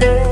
day.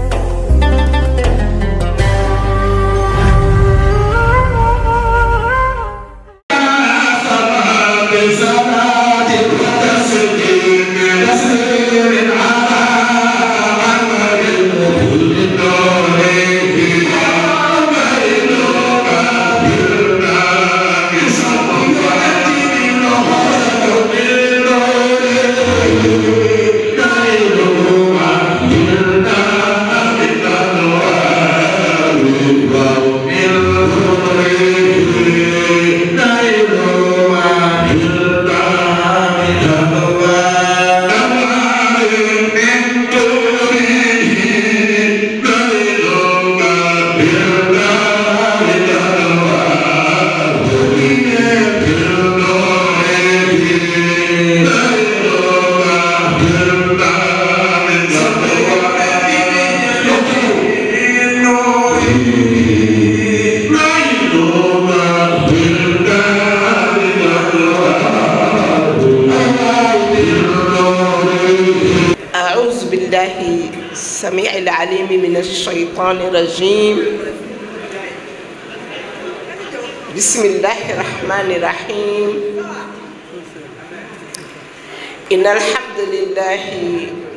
إن الحمد لله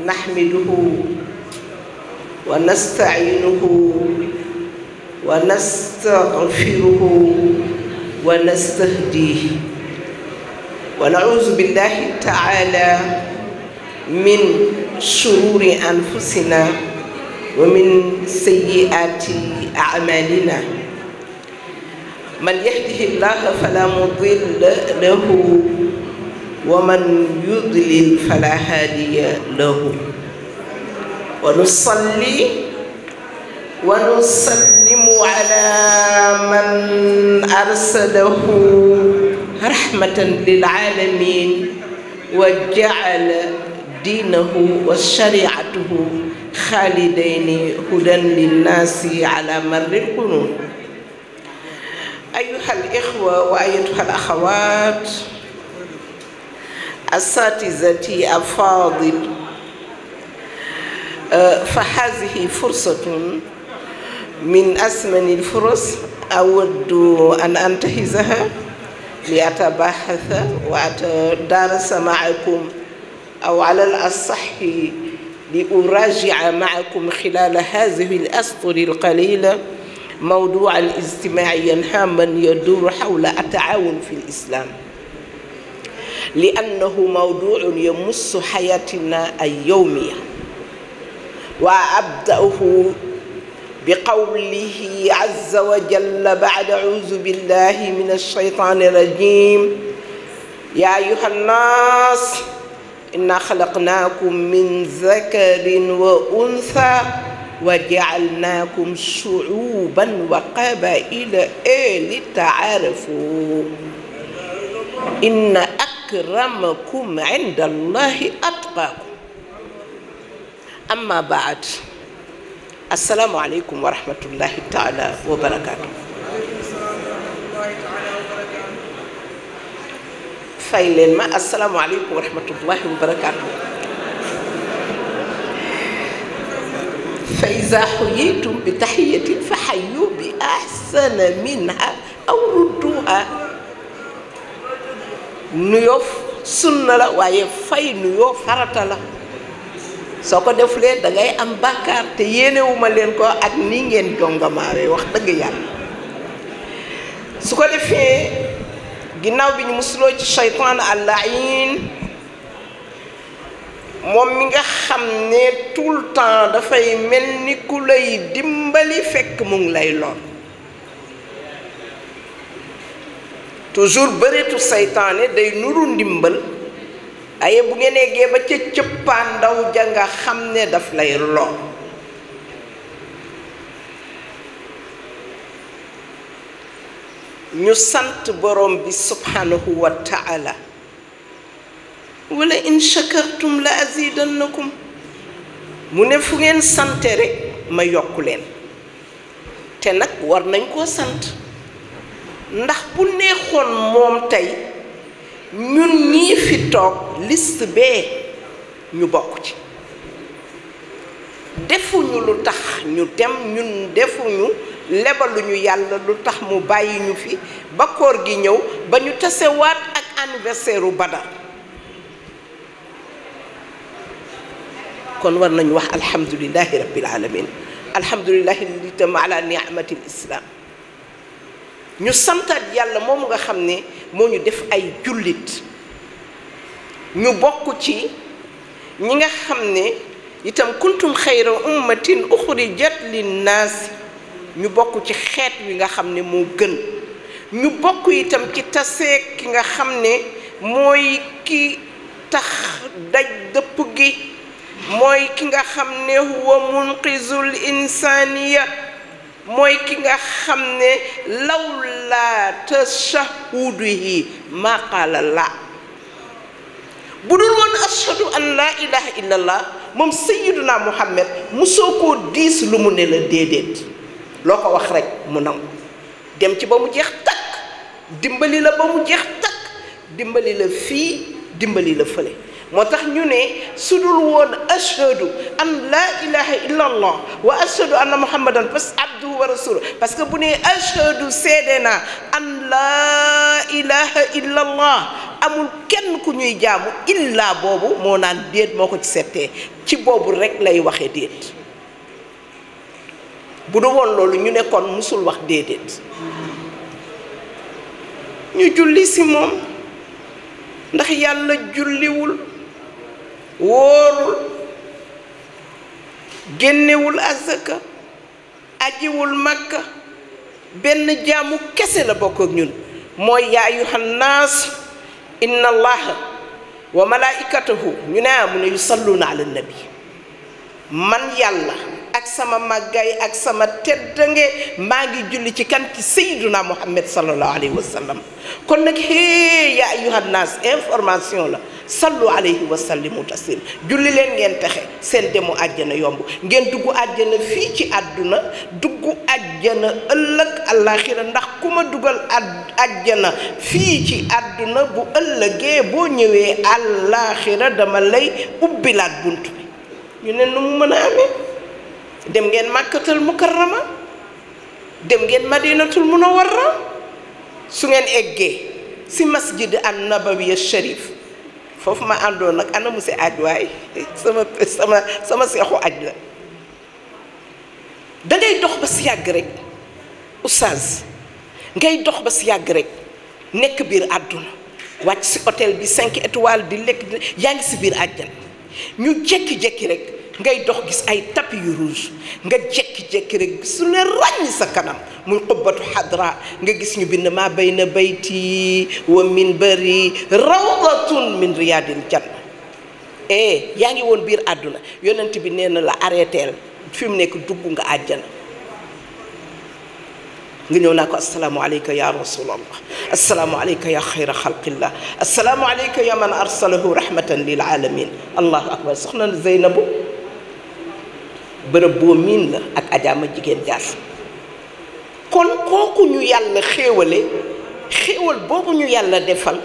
نحمده ونستعينه ونستغفره ونستهديه ونعوذ بالله تعالى من شرور أنفسنا ومن سيئات أعمالنا من يهده الله فلا مضل له ومن يضلل فلا هادي له ونصلي ونسلم على من أرسله رحمة للعالمين وجعل دينه وشريعته خالدين هدى للناس على مر القرون أيها الإخوة وأيتها الأخوات أساتذتي أفاضل أه، فهذه فرصة من أثمن الفرص أود أن أنتهزها لأتباحث وأتدارس معكم أو على الأصح لأراجع معكم خلال هذه الأسطر القليلة موضوعا اجتماعيا هاما يدور حول التعاون في الإسلام لأنه موضوع يمس حياتنا اليومية وأبدأه بقوله عز وجل بعد أعوذ بالله من الشيطان الرجيم يا أيها الناس إنا خلقناكم من ذكر وأنثى وجعلناكم شعوبا وقبائل إيه لتعارفوا إن أكرمكم عند الله أتقاكم أما بعد السلام عليكم ورحمة الله تعالى وبركاته فإن ما السلام عليكم ورحمة الله وبركاته فإذا حييتم بتحية فحيوا بأحسن منها أو ردوها nuyoo sunna la waaye fay nuyoo farata la soo ko defulee da ngay am bàkkaar te yéenewuma leen ko ak nii ngeen jongomaawee wax dëgg yàlla su ko defee ginnaaw bi ñu musuloo ci shaytaan allahin moom mi nga xam ne tout le dafay mel ni ku lay dimbali fekk mu ngi lay lor toujours bëreetu seytaane day nuru ndimbal aye bu ngeen eggee ba ca cëppaa ndaw ja nga xam ne daf lay loo ñu sant borom bi subhanahu wa taala wala in shakartum la azidannakum mu ne fu ngeen sante rek ma yokku leen te nag war nañ koo sant ndax bu neexoon moom tey ñun ñii fi toog liste bee ñu bokk ci defuñu lu tax ñu dem ñun defuñu lebaluñu yàlla lu tax mu bàyyi ñu fi ba koor gi ñëw ba ñu tasewaat ak anniversaire u Badar kon war nañu wax alhamdulillahi rabbil alamin alhamdulillahi li tam ala ni'matil islam ñu santaat yàlla moom nga xam ne moo ñu def ay jullit ñu bokk ci ñi nga xam ne itam kuntum xayra ummatin uxrijat linnaas ñu bokk ci xeet wi nga xam ne moo gën ñu bokk itam ci taseeg ki nga xam ne mooy ki tax daj dëpp gi mooy ki nga xam ne huwa munqizul insaaniya mooy ki nga xam ne lawlaa tashahudihi maa qaala la bu dul woon ashadu an laa ilaha illallah moom sayiduna muhammad mosoo koo diis lu mu ne la déedéet loo ko wax rek mu nangu dem ci ba mu jeex takk dimbali la ba mu jeex takk dimbali la fii dimbali la fële moo tax ñu ne su dul woon ashhadu an laa ilaha illa allah wa ashhadu anna muhammadan bas parce que bu ne ashhadu seede naa an laa ilaha illa amul kenn ku ñuy jaamu illa boobu moo naan déet moo ko ci settee ci boobu rek lay waxe déet bu du loolu ñu ne kon musul wax déedéet ñu julli si moom ndax yàlla julliwul wóorul génnewul azaka ajiwul makka benn jaamu kese la bokk ak ñun mooy yaa ayuhan naas inna allaha wa malaikatahu ñu ne ah, mu ne yusalluuna ala nabi man yàlla ak sama màggaay ak sama teddange maa ngi julli ci kan ci sayyiduna muhammad sallallahu alayhi wa kon nag hee yaa ayyuhan naas information la sallu alayhi wa sallimu taslim julli leen ngeen texe seen demu àjjana yomb ngeen dugg àjjana fii ci àdduna dugg àjjana ëllëg àllaaxira ndax ku ma dugal àjjana fii ci àdduna bu ëllëgee boo ñëwee àllaaxira dama lay ubbilaat bunt bi ñu ne nu mu mën a amee dem ngeen màkkatal mukarrama dem ngeen madinatul a su ngeen eggee si masjid an nabawi sharif foofu ma àndoon nag anamu monsieur aj waay sama sama seexu aj la dangay dox ba si yàgg rek oustaz ngay dox ba si yàgg rek nekk biir àdduna wàcc si hôtel bi cinq étoiles di lekk yaa ngi si biir àjjan ñu jekki-jekki rek ngay dox gis ay tapis yu rouge nga jekki-jekki rek su ne ràññ sa kanam mul xubbatu hadra nga gis ñu bind ma bayna bayti wa min bari rawdatun min riyadil jann eh yaa ngi woon biir àdduna yonent bi neena la arrêteel fim nek nekk dugg nga aljana nga ñëw naa ko alayka ya rasul allah assalamu alayka ya khayra xayra assalamu alayka ya man arsalahu rahmatan lil alamin allah akbar soxna Zeynabu bërëb boo miin la ak ajaama jigéen jaas kon kooku ñu yàlla xéewale xéewal boobu ñu yàlla defal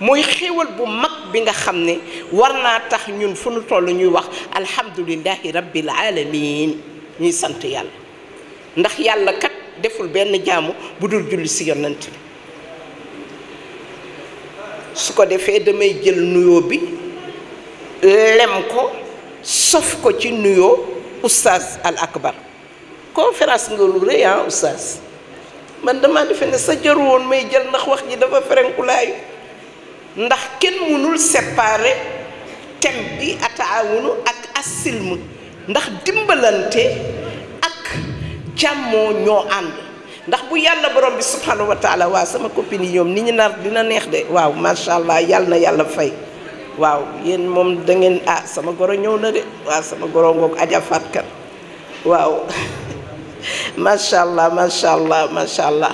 mooy xéewal bu mag bi nga xam ne war naa tax ñun fu nu toll ñuy wax alhamdulillahi rabbil alamin ñuy sant yàlla ndax yàlla kat deful benn jaamu bu dul julli si yonent bi su ko defee damay jël nuyoo bi lem ko sof ko ci nuyoo oustaz al akbar conférence nga lu rëy ah oustaz man damaa defe ne sa jaru woon may jël ndax wax ji dafa ferenkulaayu ndax kenn mënul séparer thème bi ataawunu ak asilm ndax dimbalante ak jàmmoo ñoo ànd ndax bu yàlla borom bi subhanahu wa taala waa sama copine ñoom ni ñu nar dina neex de waaw macha allah yàlla na yàlla fay waaw yéen moom dangeen ah sama goro ñëw na de waaw sama goro ngoog aja fatkan waaw macha allah macha allah macha allah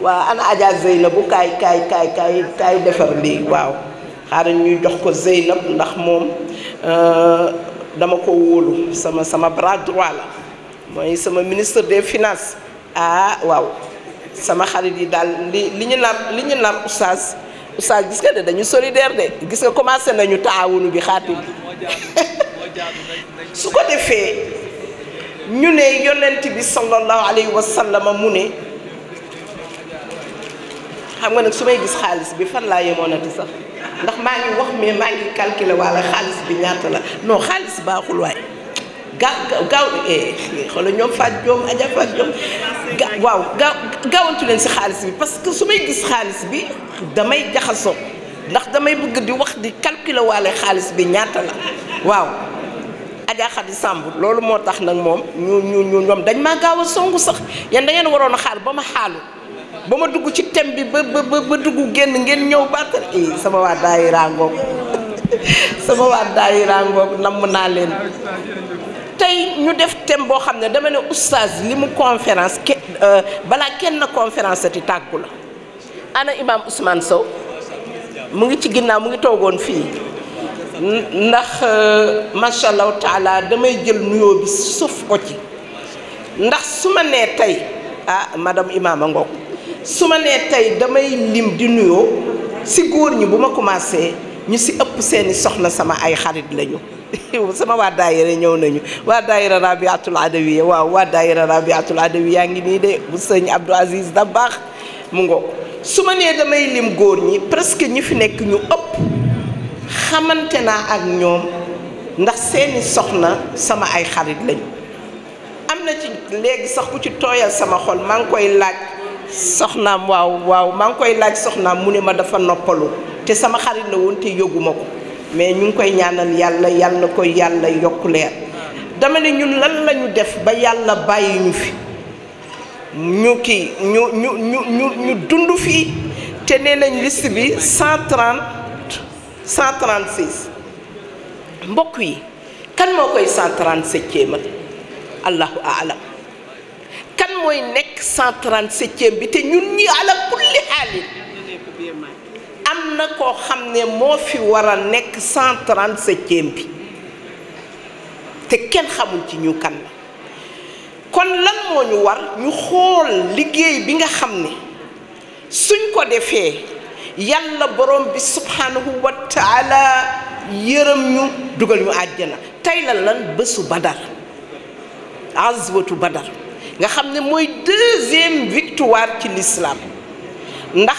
waaw ana aja Zeynabu kaay kaay kaay kaay kaay defar lii waaw xaaral ñuy jox ko Zeynab ndax moom euh, dama ko wóolu sama sama bras droit la mooy sama ministre des finance ah waaw sama xarit yi daal li li ñu nar li ñu nar oustaz saa gis nga de dañu solidaire de gis nga commencé nañu taawunu bi xaatim su ko defee ñu ne yonent bi sallallahu alayhi wa sallama mu ne xam nga nag su may gis xaalis bi fan laa yemoonati sax ndax maa ngi wax mais maa ngi waa walla xaalis bi ñaata la non xaalis baaxul waay gaaw gaaw eh, eh, xoolal ñoom Fatou Diom Adja Fatou ga waaw gaaw gaawantu leen si xaalis bi parce que su may gis xaalis bi damay jaxasoo ndax damay bëgg di wax di calculer waale xaalis bi ñaata la waaw Adja Khady Samb loolu moo tax nag moom ñu ñu ñu ñoom dañ maa gaaw a songu sax yéen da ngeen waroon a xaal ba ma xaalu ba ma dugg ci thème bi ba ba ba dugg génn ngeen ñëw baatal eh, sama waa daayira ngoog sama waa daayira ngoog namm naa leen tey ñu def thème boo xam ne dama ne oustaz li mu conférence ke euh, balaa kenn conférence ati tàggu la ana imam Ousmane Sow mu ngi ci ginnaaw mu ngi toogoon fii ndax euh, macha allahu taala damay jël nuyoo bi suuf ko ci ndax su ma nee tey ah madame imam a ngoog su ma nee tey damay lim di nuyoo si góor ñi bu ma commencé ñu si ëpp seeni soxna sama ay xarit lañu sama waa daayira ñëw nañu waa daayira Rabiatul Adawiya waaw waa daayira Rabiatul yaa ngi nii de bu sëñ Abdou Aziz da baax mu ngoog su ma nee damay lim góor ñi presque ñi fi nekk ñu ëpp xamante naa ak ñoom ndax seeni soxna sama ay xarit lañu am na ci léegi sax ku ci tooyal sama xol maa ngi koy laaj soxnaam waaw waaw maa ngi koy laaj soxnaam mu ne ma dafa noppalu te sama xarit la woon te yóbbuma ko mais ñu ngi koy ñaanal yàlla yàlla koy yàlla yokk leer dama ne ñun lan lañu def ba yàlla bàyyi ñu fi ñu kii ñu ñu ñu ñu ñu dund fii te nee nañ list bi 130 136 mbokk yi kan moo koy 137e allahu alam kan mooy nekk 137e bi te ñun ñi ala kulli xaalin am na koo xam ne moo fi war a nekk cent trente-septième bi te kenn xamul ci ñu kan la kon lan moo ñu war ñu xool liggéey bi nga xam ne suñ ko defee yàlla borom bi subhanahu wa taala yërëm ñu dugal ñu àjjana tey la lan bésu badar azwatu badar nga xam ne mooy deuxième victoire ci l'islam ndax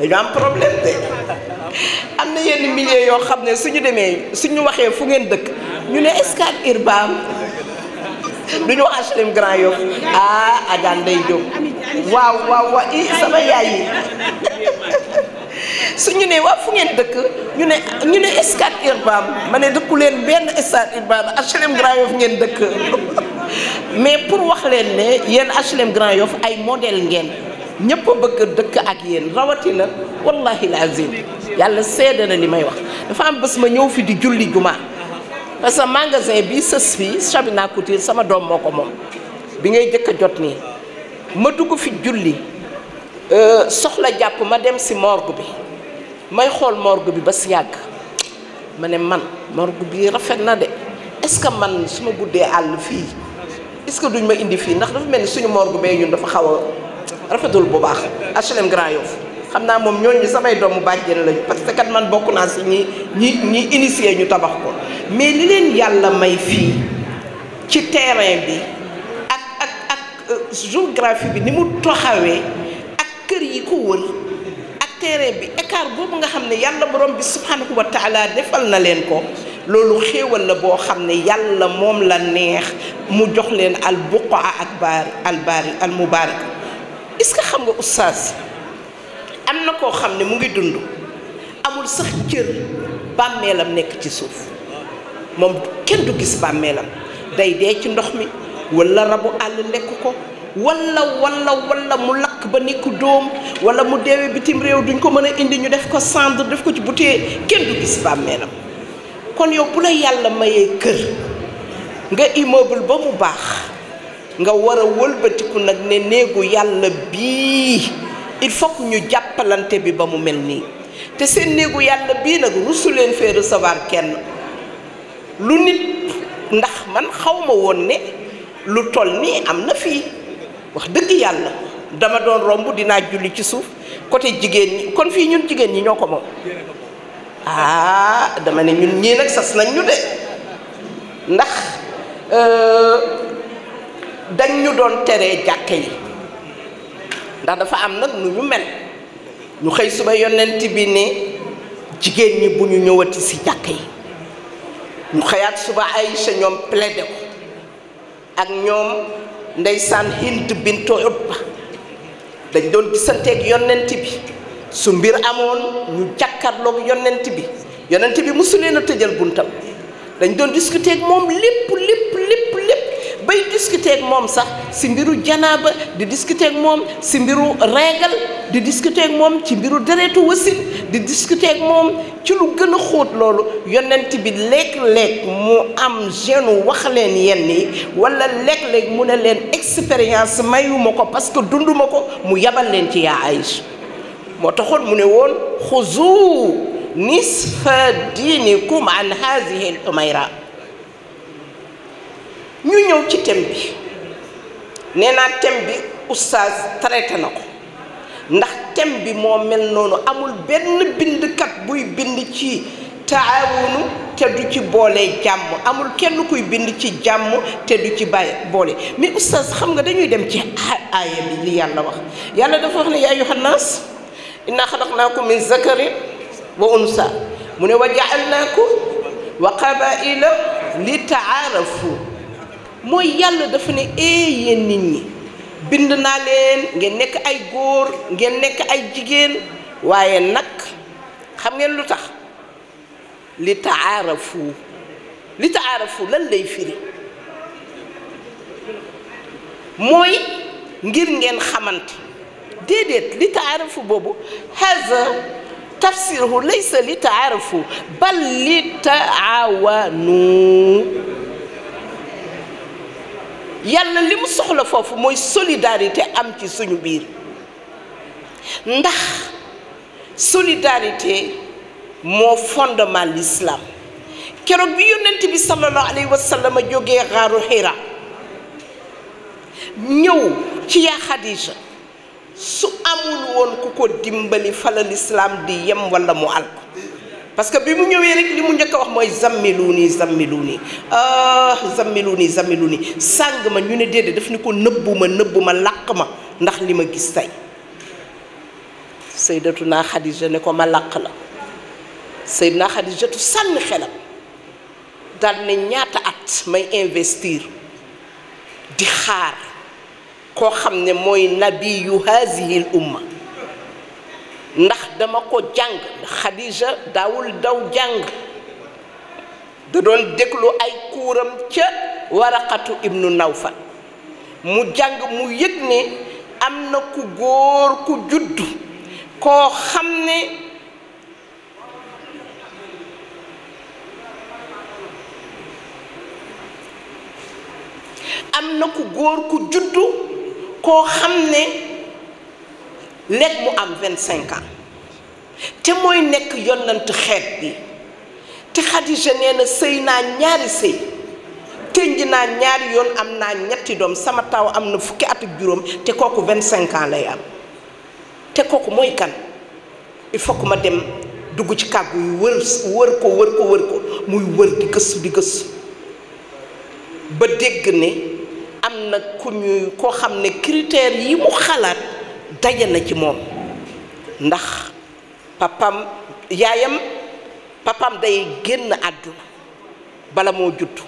dañu am problème de amna yenn milieu yo xamné suñu démé suñu waxé fu ngeen dëkk ñu né Scat urbain duñu HLM Grand yo ah adan day jóg waaw waaw wa i sama yaay suñu né wa fu ngeen dëkk ñu né ñu né Scat urbain mané ne dëkku leen benn Scat urbain HLM Grand Yoff ngeen dëkk mais pour wax leen né yéen HLM Grand yo ay modèle ngeen ñepp bëgg dëkk ak rawati na wallahi lazim yalla seede ni may wax dafa am bés ma ñëw fi di julli juma parce que magasin bi sës fi Chabina Couture sama dom moko mom bi ngay jëk jot ni ma dugg fi julli euh, soxla japp ma dem si morgue bi may xol morgue bi ba si yag mané man morgue bi rafet na dé est ce que man suma guddé all fi est ce que duñ ma indi fi ndax dafa melni suñu morgue bé ñun dafa xawa rafetul bu baax HLM Grand yof xamna mom ñoo ñooñu samay doomu bàjjen lañ parce que kat man bokku na ci ñi ñi ñi initié ñu tabax ko mais li leen yàlla may fi ci terrain bi ak ak ak géographie bi ni mu toxawé ak kër yi ko wër ak terrain bi écart boobu nga xamné yàlla borom bi subhanahu wa taala defal na leen ko lolu xewal la bo xamne yàlla mom la neex mu jox len al buqa akbar al bari al mubarak est-ce que xam nga oustaz am na koo xam ne mu ngi dund amul sax cër bàmmeelam nekk ci suuf moom kenn du gis bàmmeelam day dee ci ndox mi walla rabu àll lekk ko walla walla walla mu lakk ba nekku doom walla mu deewee bitim réew duñ ko mën a indi ñu def ko cendre def ko ci butee kenn du gis bàmmeelam kon yow bu la yàlla mayee kër nga immeuble ba mu baax nga war a wëlbatiku nag ne néegu yàlla bii il faut que ñu jàppalante bi ba mu mel nii te seen néegu yàlla bii nag rusu leen fee recevoir kenn lu nit ndax man xawma woon ne lu toll nii am na fii wax dëgg yàlla dama doon romb dinaa julli ci suuf côté jigéen ñi kon fii ñun jigéen ñi ñoo ko moom ah dama ne ñun ñii nag sas nañ ñu de ndax euh, dañ ñu doon tere jàkke yi ndax dafa am nag nu ñu mel ñu xëy suba yonent bi ne jigéen ñi bu ñu ñëwati si jàkke yi ñu xëyaat suba Aïcha ñoom plaidé ko ak ñoom ndeysaan Hind bintu Utba dañ doon gisanteeg yonent bi su mbir amoon ñu jàkkarloog yonent bi yonent bi mosu leen a tëjal buntam dañ doon discuter ak moom lépp lépp lépp bay discuter moom sax si mbiru janaaba di discuter ak moom si mbiru régal di discuter ak moom ci mbiru deretu di discuter moom ci lu gën a xóot loolu yonent bi léeg-léeg mu am genu wax leen yenn yi wala léeg-léeg mu ne leen expérience mayuma ko parce que dunduma ko mu yabal leen ci yaa Aïcha moo taxoon mu ne woon xuzu nisfa diinikum an hazihi al umayra ñu ñëw ci thème bi nee naa tem bi oustaz traité na ko ndax thème bi moo mel noonu amul benn bindkat buy bind ci taawunu te du ci boole jàmm amul kenn kuy bind ci jàmm te du ci bàyyi boole mais oustaz xam nga dañuy dem ci aaya bi li yàlla wax yàlla dafa wax ne yaa ayyuhan naas inna ko min zakarin wa unsa mu ne wa jaalnaakum wa qabaila li taarafu mooy yàlla dafa ne ee eh, yéen nit ñi bind naa leen ngeen nekk ay góor ngeen nekk ay jigéen waaye nag xam ngeen lu tax li taarafu li taarafu lan lay firi mooy ngir ngeen xamante déedéet li taarafu boobu haza tafsiruhu laysa li taarafu bal li taawanu yàlla li mu soxla foofu mooy solidarité am ci suñu biir ndax solidarité moo fondement l'islam keroog bi yónnent bi sallallahu alayhi wa sallam a jógee xaaru Hira ñëw ci yaa Xadija su amul woon ku ko dimbali fala lislaam di yem walla mu alko parce que bi mu ñëwee rek li mu njëkk a wax mooy zammiluuni zammiluuni ah zammiluuni zammiluuni sàng ma ñu ne déedéet daf ni ko nëbbu ma nëbbu ma làq ma ndax li ma gis tey Sayyidatuna Xadija ne ko ma làq la Sayyidatuna Xadijatu sànni xelam dal ne ñaata at may investir di xaar koo xam ne mooy nabiyu haazihil umma ndax dama ko jàng xadija daawul daw jàng da doon déglu ay kuuram ca waraqatu ibnu nawfal mu jàng mu yëg ne am na ku góor ku judd koo xam ne am na ku góor ku judd koo xam ne léeg mu am vingt cinq ans te mooy nekk yonant xeet bi te Xadija nee sëy naa ñaari sëy tënj naa ñaari yoon am naa ñetti doom sama taaw am na fukki at juróom te kooku vingt cinq ans lay am te kooku mooy kan il faut ma dem dugg ci kàggu yu wër wër ko wër ko wër ko muy wër di gëstu di gëstu ba dégg ne am na ku ñuy koo xam ne critères yi mu xalaat daje na ci moom ndax papam yaayam papam day génn àdduna bala moo judd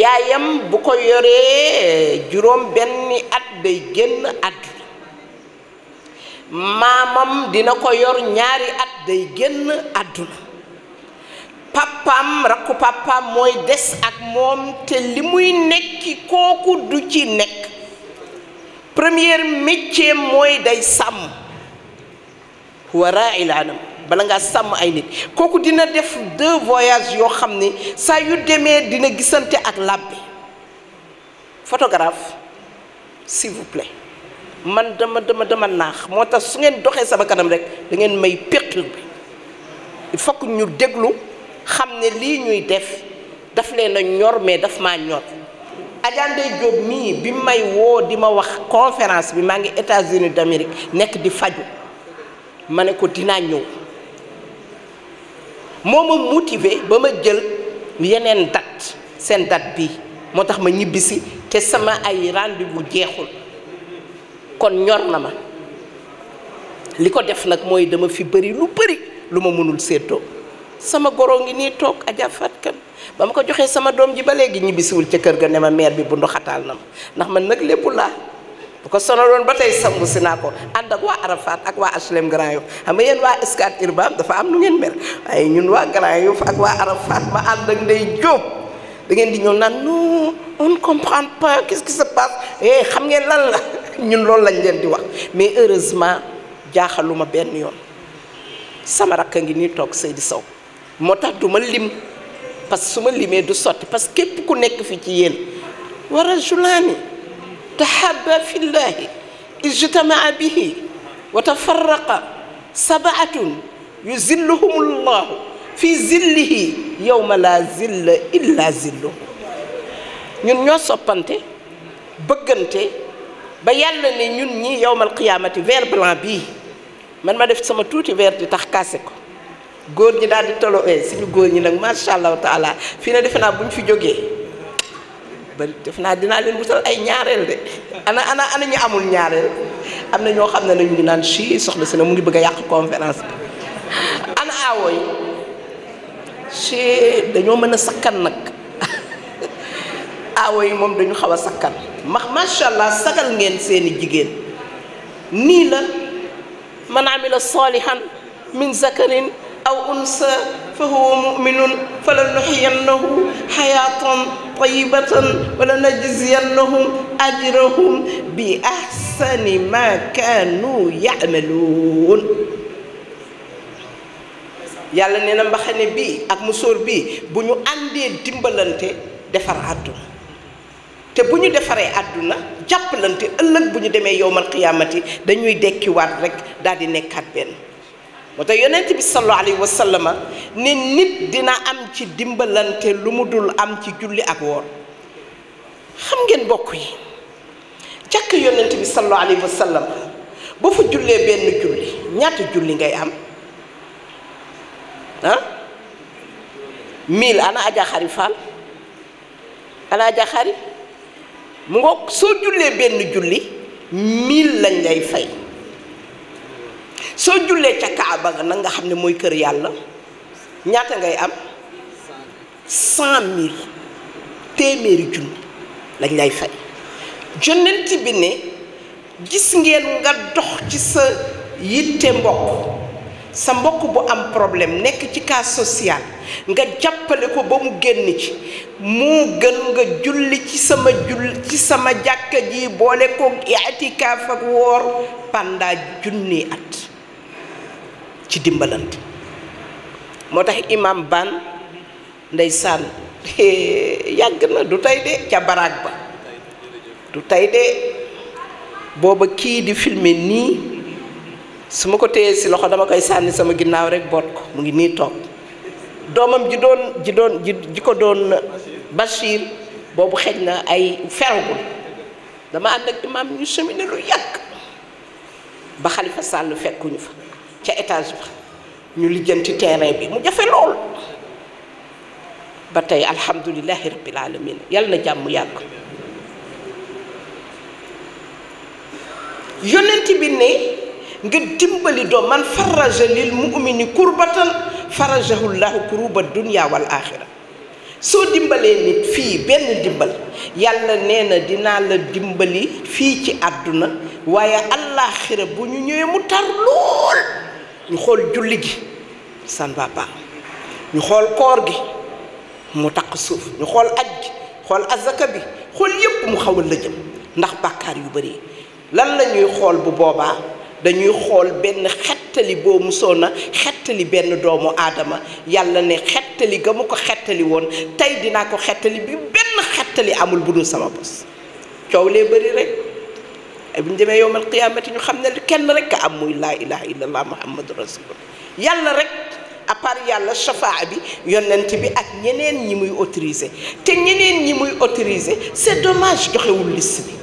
yaayam bu ko yoree juróom benn at day génn àdduna maamam dina ko yor ñaari at day génn àdduna papam rakku papam mooy des ak moom te li muy nekki kooku du ci nekk premier métier moy day sam huwa raa'il anam bala nga sam ay nit koku dina def deux voyages yo xam sa yu demee dina gissanté ak labbi photographe s'il vous plaît man dama dama dama nax motax su ngeen doxé sama kanam rek da ngeen may perturber il faut que ñu déglu xamné li ñuy def daf leen ñor mais daf ma ñor Adja Ndeye Diop mii bi may woo di ma wax conférence bi maa ngi États-Unis d'Amérique nekk di faju ma ne ko dinaa ñëw moo ma motivé ba ma jël yeneen date seen date bii moo tax ma ñibbisi te sama ay rendez jeexul kon ñor na ma li ko def nag mooy dama fi bari lu bëri lu ma mënul séddoo sama goro ngi nii toog Adja Fatou ba ma ko joxee sama doom ji ba léegi ñibbisiwul ca kër ga ne ma meer bi bu ndoxataal na ma ndax man nag lépp laa bu ko sonaloon ba tey sambu si naa ko ànd ak waa Arafat ak waa HLM Grand Yoff xam nga yéen waa Scat Urbam dafa am nu ngeen mel waaye ñun waa Grand Yoff ak waa Arafat ma ànd ak Ndeye da ngeen di ñëw naan non on ne comprend pas quest eh, xam ngeen lan la ñun loolu lañ leen di wax mais heureusement jaaxaluma benn yoon sama rakk ngi nii toog Seydi Sow motax duma lim parce suma limé du sotti parce képp ku nek fi ci yéen wara julani tahabba fi llahi ijtamaa bihi wa tafarraqa sab'atun yuzilluhum llahu fi zillihi yawma la zilla illa zillu ñun ñoo sopanté bëggante ba yàlla ne ñun ñi yawmal qiyamati verre blanc bi man ma def sama touti verre di tax kasse ko góor ñi daal di tolo eh suñu góor ñi nag macha allah taala fii ne defe naa bu ñu fi jógee ba defe naa dinaa leen wutal ay ñaareel de ana ana ana ñu amul ñaareel am na ñoo xam ne ñu ngi naan si soxna si ne mu ngi bëgg a yàq conférence bi ana aawooy si dañoo mën a sakkan nag yi moom dañu xaw a sakkan max macha allah sagal ngeen seeni jigéen nii la man amila salihan min zakarin أو أنثى فهو مؤمن فلنحيينه حياة طيبة ولنجزينهم أجرهم بأحسن ما كانوا يعملون يالا نينا مباخاني بي اك مسور بي بونو اندي ديمبالانتي ديفار ادو تي بونو ديفاري ادونا جابلانتي الله بونو ديمي يوم القيامه دانيوي ديكي وات رك دادي نيكات بن moo tax yonent bi sallallahu alayhi wa sallam ne nit dina am ci dimbalante lu mu am ci julli ak wor xam ngeen bokk yi jàkk yonent bi sallallahu alayhi wa sallam ba fa julle ben julli ñatt julli ngay am ha mil ana aja kharifal ana aja xari mu ngok so julle ben julli mil lañ lay fay soo jullee ca Kaaba nga nag xam ne mooy kër yàlla ñaata ngay am cent mille téeméeri junni lañ lay fay jonent bi ne gis ngeen nga dox ci sa yitte mbokk sa mbokk bu am problème nekk ci cas social nga jàppale ko ba mu génn ci moo gën nga julli ci sama jull ci sama jàkka ji boole ko itikaaf ak woor pendant junni at ci dimbalante moo tax imam ban ndeysaan yàgg na du tey de ca baraag ba du tey de booba kii di filme nii su ma ko téyee si loxo dama koy sànni sama ginnaaw rek boot ko mu ngi nii toog doomam ji doon ji doon ji ko doon Bachir boobu xëj na ay feragul dama ànd ak imam ñu cheminer lu yàgg ba Xalifa Sall fekkuñu fa ca étage ba ñu lijjanti terrain bi mu jafe lool ba tey alhamdulilahi rabbil alamin yàlla na jàmm yàgg yonent bi ne nga dimbali doom man faraja lil mu'mini kurbatan farajahullahu kuruba dunya wal axira soo dimbalee nit fii benn dimbal yàlla nee na dinaa la dimbali fii ci àdduna waaye allaaxira bu ñu ñëwee mu tar lool ñu xool julli gi ça ne va pas ñu xool koor gi mu taq suuf ñu xool aj gi xool azaka bi xool yépp mu xaw a lëjëm ndax bàkkaar yu bari lan la ñuy xool bu boobaa dañuy xool benn xettali boo musoon na xettali benn doomu aadama yàlla ne xettali ga mu ko xettali woon tey dinaa ko xettali bi benn xettali amul bu dul sama bos coow lee bari rek ابن دم يوم القيامة نيو خامنا كين رك امو لا اله الا الله محمد رسول الله يالا رك ابار يالا الشفاعة بي يوننت بي اك نينين ني موي اوتوريزي تي نينين ني موي اوتوريزي سي دوماج جوخيوول ليس بي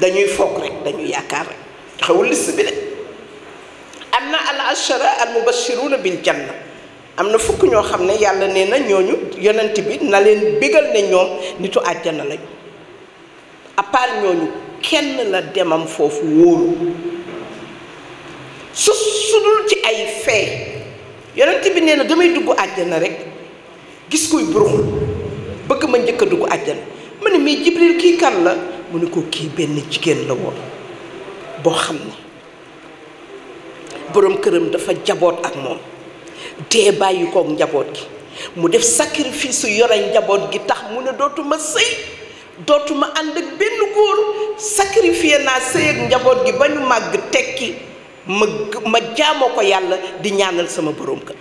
دا نيو فوك رك دا نيو ياكار جوخيوول ليس بي لك امنا العشرة المبشرون بالجنة amna na fukk ñoo xam ne yàlla nee na ñooñu yonent bi na leen bégal ne ñoom nitu àjjana lañ à part kenn la demam foofu wóoru su sudul ci ay fee yonent bi nee na damay dugg àjjana rekk gis kuy buruxul bëgg ma njëkk a dugg àjjana ma ne mais Jibril kii kan la mu ne ko kii benn jigéen la woon boo xam ne boroom këram dafa jaboot ak moom dee bàyyi koog njaboot gi mu def sacrifice yore njaboot gi tax mu ne dootuma sëy dootuma ànd ak benn góor sacrifié naa sëy ak njaboot gi ba ñu màgg tekki ma ma jaamoo ko yàlla di ñaanal sama borom kër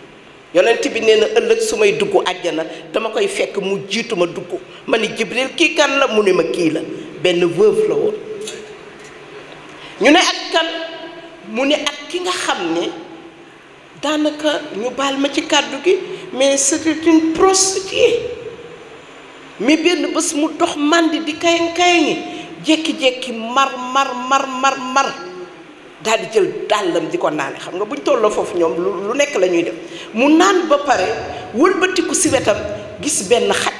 yonent bi nee na ëllëg su may dugg àjjana dama koy fekk mu jiitu ma duggu ma ni Jibril kii kan la mu ne ma kii la benn veuve la woon ñu ne at kan mu ne ak ki nga xam ne daanaka ñu baal ma ci kàddu gi mais c'est une prostituée mais benn bés mu dox màndi di kayan kayangi jékki-jékki mar mar mar mar mar daal jël dàllam di ko naane xam nga buñ tolloo foofu ñoom lu nekk la ñuy def mu naan ba pare wëlbatiku si wetam gis benn xaj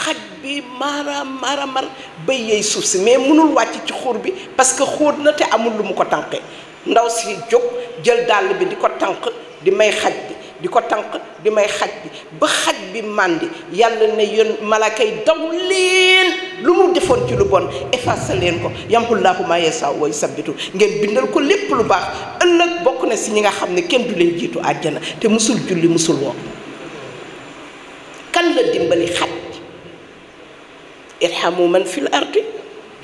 xaj bi mara mara mar bay yeey suuf si mais mënul wàcc ci xur bi parce que xóot na te amul lu mu ko tànqee ndaw si jóg jël dàll bi di ko tànq di may xaj bi di ko tànq di may xaj bi ba xaj bi màndi yàlla ne yoon malakay daw leen lu mu defoon ci lu bon effacé leen ko yamhullaahu maa yasaa wa yusabbitu ngeen bindal ko lépp lu baax ëllëg bokk na si ñi nga xam ne kenn du leen jiitu àjjana te musul julli musul woo kan la dimbali xaj irhamu man fil ardi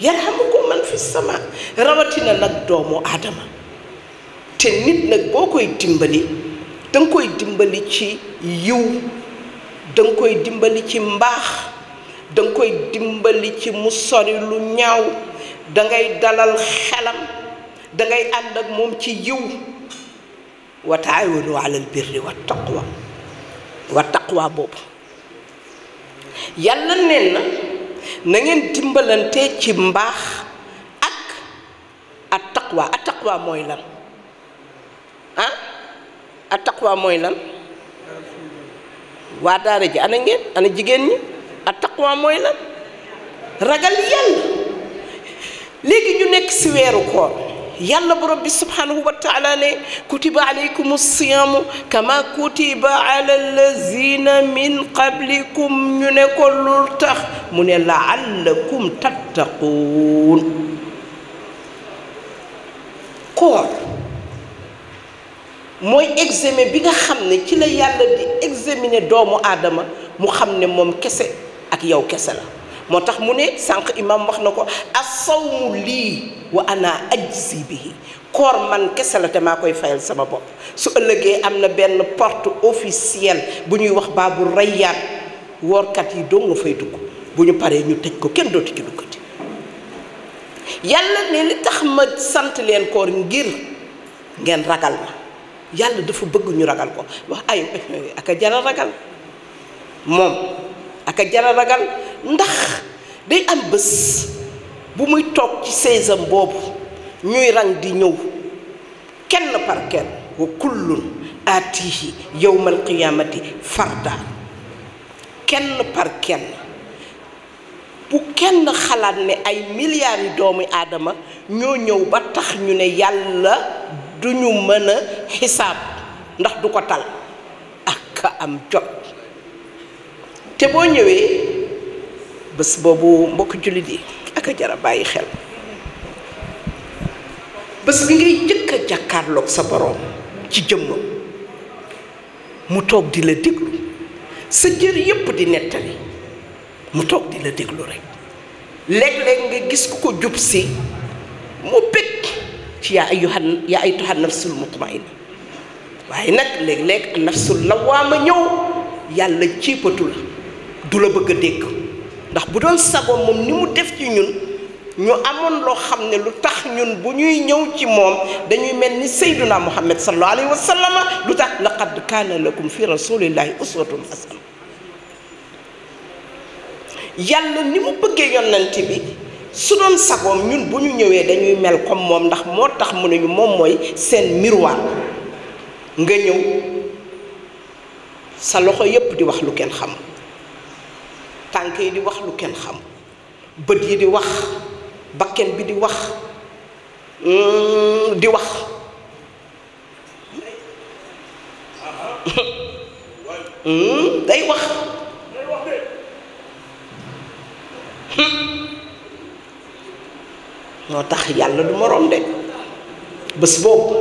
yarhamukum man fi sama rawatina nag doomu aadama te nit nag boo koy dimbali danga koy dimbali ci yiw danga koy dimbali ci mbaax danga koy dimbali ci mu sori lu ñaaw dangay ngay dalal xelam da ngay ak moom ci yiw wa taawanu alal birri wa taqwa wa taqwa boobu yàlla nee na na dimbalante ci mbaax ak at taqwa at taqwa mooy lan ah at taqwa mooy lan waa daara ji ana ana jigéen ñi a taqwa mooy lan ragal yàlla léegi ñu nekk si weeru koor yàlla borom bi subhanahu wa taala ne kutiba alaykum siyaamu kama kutiba ala lazina min qablikum ñu ne ko lul tax mu ne laallakum tattaquun koor mooy examen bi nga xam ne ci la yàlla di examiner doomu aadama mu xam ne moom kese ak yow kese la moo tax mu ne sànq imam wax na ko asawmu lii wa ana ajzi bihi koor man kese la te maa koy fayal sama bopp su ëllëgee am na benn porte officielle bu ñuy wax baabu rayyaat woorkat yi doo nga fay dugg bu ñu paree ñu tëj ko kenn dootu ci duggati yàlla ne li tax ma sant leen koor ngir ngeen ragal ma yàlla dafa bëgg ñu ragal ko wax ay aka jara ragal moom aka jara ragal ndax day am bés bu muy toog ci saisam boobu ñuy rang di ñëw kenn par kenn wa kullun aatihi yowmal qiyaamati farda kenn par kenn bu kenn xalaat ne ay milliards yi doomu aadama ñoo ñëw ba tax ñu ne yàlla du ñu mën a xisaab ndax du ko tal ak am jot te boo ñëwee bés boobu mbokk julli yi ak a jara bàyyi xel bés bi ngay jëkk a jàkkaarloog sa boroom ci jëmmam mu toog di la déglu sa jër yépp di nettali mu toog di la déglu rekk léeg-léeg nga gis ku ko jub si mu bëgg ci yaa ayyuha yaa ayyatuha nafsul mutmainna waaye nag léeg-léeg nafsul lawaama ñëw yàlla ciipatu la du la bëgg a dékk ndax bu doon sagoom moom ni mu def ci ñun ñu amoon loo xam ne lu tax ñun bu ñuy ñëw ci moom dañuy mel ni sayduna muhammad sallallahu alayhi wa sallam lu tax laqad kaana lakum fi rasulillahi uswatun hasana yàlla ni mu bëggee yonante bi su doon sagoom ñun bu ñu ñëwee dañuy mel comme moom ndax moo tax mu ne ñu moom mooy seen miroir nga ñëw sa loxo yépp di wax lu kenn xam tànk yi di wax lu kenn xam bët yi di wax bakken bi di wax mm, di mm, wax day wax motax yàlla du morom de bés boobu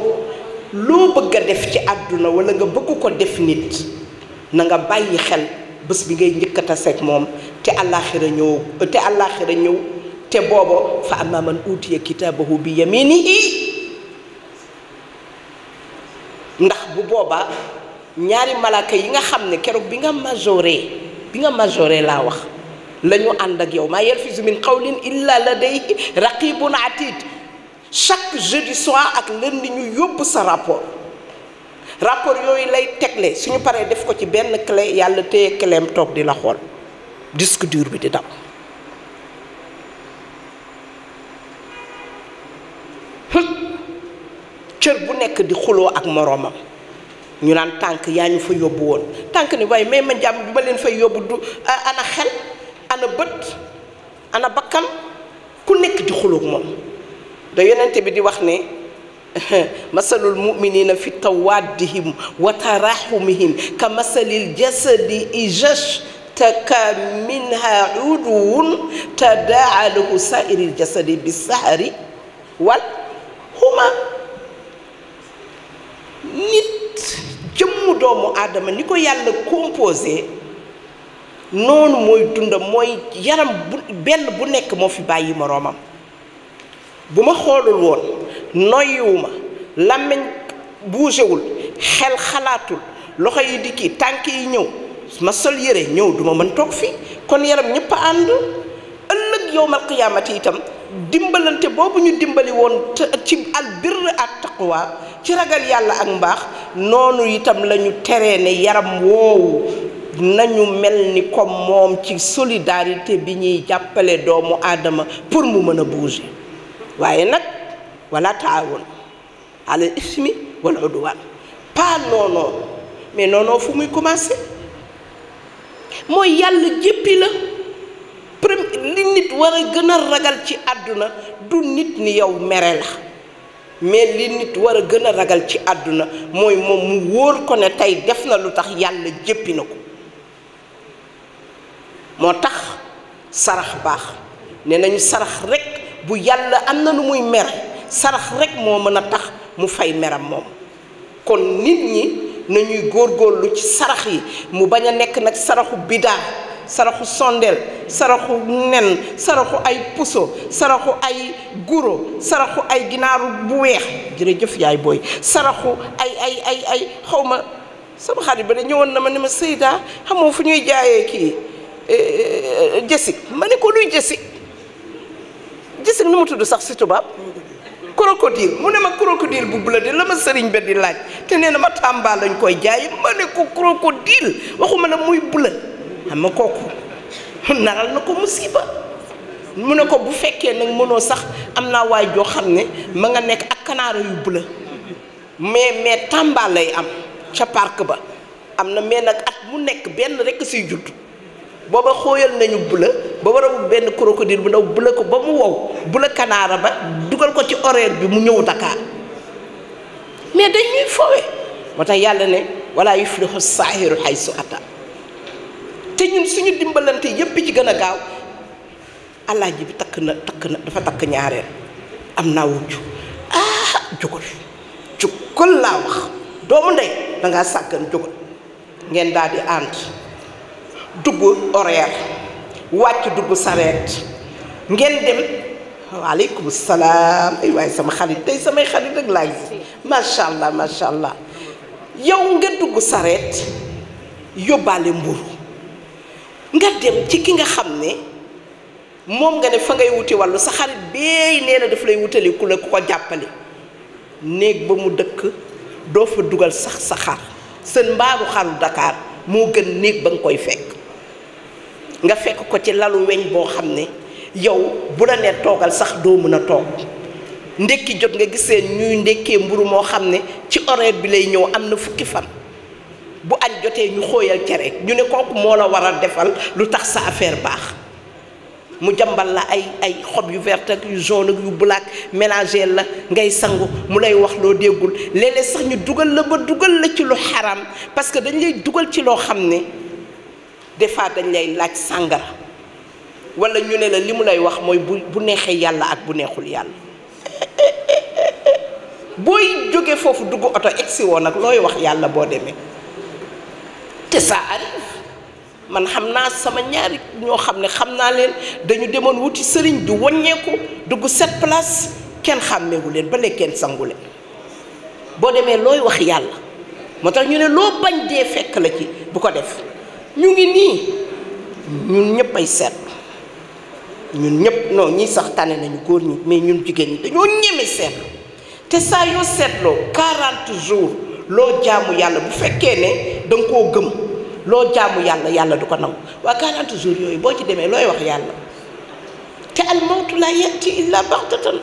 lo beug def ci aduna wala nga beug ko def nit na nga bàyyi xel bés bi ngay njëkk sek mom te alakhira ñëw te alakhira ñëw te bobo fa amma man utiya kitabahu bi yaminihi ndax bu boba ñaari malaka yi nga xamne kérok bi nga majoré bi nga majoré la wax lañu ànd ak yow ma yalfizu min qawlin illa ladayhi raqibun atid chaque jeudi soir ak lundi ñu yóbbu sa rapport rapport yoy lay teklé suñu paré def ko ci ben clé yàlla téy clém tok di la xol disque dur bi di dab cër bu nek di xulo ak moroomam ñu nan tànk yañu fa yóbbu won tànk ni way may ma jàmm bima len leen fay yóbbu ana xel ana bët ana bakkan ku nekk di xuloog moom da yonent bi di wax ne masalul muminina fi tawaddihim wa tarahumihim ka masalil jasadi ijashtaka minha udwun tadaa lahu sairil jasadi bisahari wal huma nit jëmmu doomu aadama ni ko yàlla composé noonu mooy dundam mooy yaram bu benn bu nekk moo fi bàyyi moroomam bu ma xoolul woon noyyiwuma làmmiñ buusewul xel xalaatul loxo yi di kii tànk yi ñëw ma sol yére ñëw duma mën toog fii kon yaram ñëpp a ànd ëllëg yowmal qiyaamati itam dimbalante boobu ñu dimbali woon ci al birr at taqwa ci ragal yàlla ak mbaax noonu itam lañu tere ne yaram woowu nañu mel ni comme moom ci solidarité bi ñuy jàppale doomu aadama pour mu mën a bouger waaye nag wala taawun ala ismi wala udwan pas noonoo mais noonoo fu muy commencé mooy yàlla jéppi la premier li nit war a gën a ragal ci àdduna du nit ni yow mere la mais li nit war a gën a ragal ci àdduna mooy moom mu wóor ko ne tey def na lu tax yàlla jéppi na ko moo tax sarax baax ne nañu sarax rekk bu yàlla am na lu muy mer sarax rek moo mën a tax mu fay meram moom kon nit ñi nañuy góor góorgóorlu ci sarax yi mu bañ a nekk nag saraxu bidaa saraxu sondeel saraxu nen saraxu ay puso saraxu ay guro saraxu ay ginaaru bu weex jëf yaay booy saraxu ay ay ay xawma xaw yi ba de ñëwoon na ma ne ma Seyda xamoo fu ñuy jaayee kii jessi mané ko luy jessi jessi numu tuddu sax ci tubab crocodile mu ma crocodile bu bleu de la ma sëriñ di laaj té néna ma tamba lañ koy jaay mané ko crocodile waxuma la muy bleu xam nga kooku naral na ko musiba mu ko bu fekkee nak mëno sax am way jo xamné ma nga nek ak yu bleu mais mais tamba lay am ca park ba amna mais nak at mu nek ben rek jutt booba xóoyal nañu bula ba waram benn crocodile bu ndaw bula ko ba mu wow bula kanaara ba dugal ko ci horaire bi mu ñëw Dakar mais dañuy fowe moo tax yàlla ne wala yuflihu saahiru haysu ata te ñun suñu dimbalante yépp ci gën a gaaw ji bi takk na takk na dafa takk ñaareel am naa wujju ah jógal jógal laa wax doomu ndey dangaa sàkkan jógal ngeen daal di ànd dubb horaire wàcc dubb sareet ngeen dem waaleykum salaam ay waaye sama khalid, tey sama khalid rek laay gis macha allah macha allah yow nga dugg sareet yóbbaale mburu nga dem ci ki nga xam ne moom nga ne fa ngay wuti wàllu sa xarit beey nee na daf lay wutali ku la ku ko jàppale néeg ba mu dëkk doo fa dugal sax sa xar seen mbaaru xaru Dakar moo gën néeg ba koy fekk nga fekk ko ci lalu weñ boo xam ne yow bu la nee toogal sax doo mën a toog ndekki jot nga gisee ñuy ndekkee mburu moo xam ne ci horaire bi lay ñëw am na fukki fan bu añ jotee ñu xooyal cere ñu ne kooku moo la war a defal lu tax sa affaire baax mu jàmbal la ay ay xob yu vert yu jaune ak yu bulaak mélangé la ngay sangu mu lay wax loo déggul léeg sax ñu dugal la ba dugal la ci lu xaram parce que dañ lay dugal ci loo xam ne des dañ lay laaj sàngara wala ñu ne la li mu lay wax mooy bu bu neexee yàlla ak bu neexul yàlla booy jóge foofu dugg oto egsi woon nag looy wax yàlla boo demee te ça arrive man xam naa sama ñaari ñoo xam ne xam naa leen dañu demoon wuti sëriñ du waññeeku dugg set place kenn xàmmeewu leen ba léegi kenn sangu leen boo demee looy wax yàlla moo tax ñu ne loo bañ dee fekk la ci bu ko def ñu ngi nii ñun ñëpp ay seet ñun ñëpp non ñii sax tane nañu góor ñi mais ñun jigéen ñi dañoo ñeme seet te saa yoo seetloo 40 jours loo jaamu yàlla bu fekkee ne danga koo gëm loo jaamu yàlla yàlla du ko naw waa 40 jours yooyu boo ci demee looy wax yàlla te almawtu laa yati illa baxtatan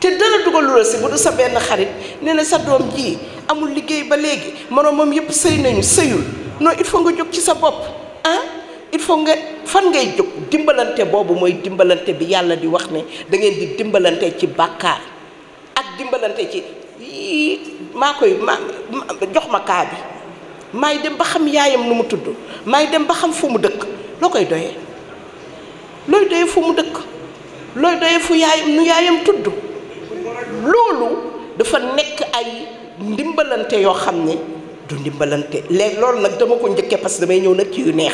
te dara dugal lu la si bu du sa benn xarit ne na sa doom jii amul liggéey ba léegi moroomam yëpp sëy nañu sëyul non il faut nga jóg ci sa bopp ah il faut nga fan ngay jóg dimbalante boobu mooy dimbalante bi yàlla di wax ne da ngeen di dimbalante ci bàkkaar ak dimbalante ci maa koy ma jox ma kaa bi maay dem ba xam yaayam nu mu tudd maay dem ba xam fu mu dëkk loo koy doyee looy doyee fu mu dëkk looy doyee fu yaayam nu yaayam tudd loolu dafa nekk ay ndimbalante yoo xam ne du ndimbalante léegi loolu nag dama ko njëkkee parce que damay ñëw nag ci yu neex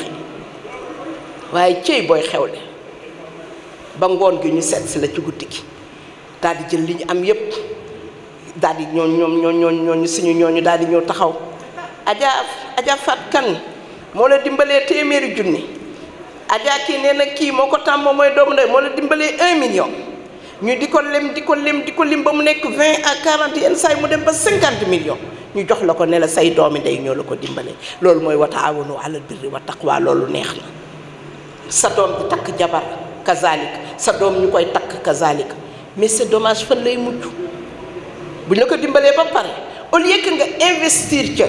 waaye cey booy xewle ba ngoon gi ñu seet si la ci guddi gi daal jël li ñu am yépp daal ñoom ñoo ñoom ñoo ñooñu suñu ñooñu daal di ñoo taxaw aja aja Faat Kan moo la dimbalee téeméeri junni aja kii nee na kii moo ko tàmm mooy doomu ndey moo la dimbalee un million ñu di ko lem di ko lem di ko lim ba mu nekk vingt à quarante yenn saa yi mu dem ba cinquante ñu jox la ko ne la say doomi ndey ñoo la ko dimbale loolu mooy wa taawanu alal birri wa taqwa loolu neex na sa doom di takk jabar kazalik sa doom ñu koy takk kazalik mais c'est dommage fan lay mujj buñ la ko dimbalee ba pare au lieu nga investir ca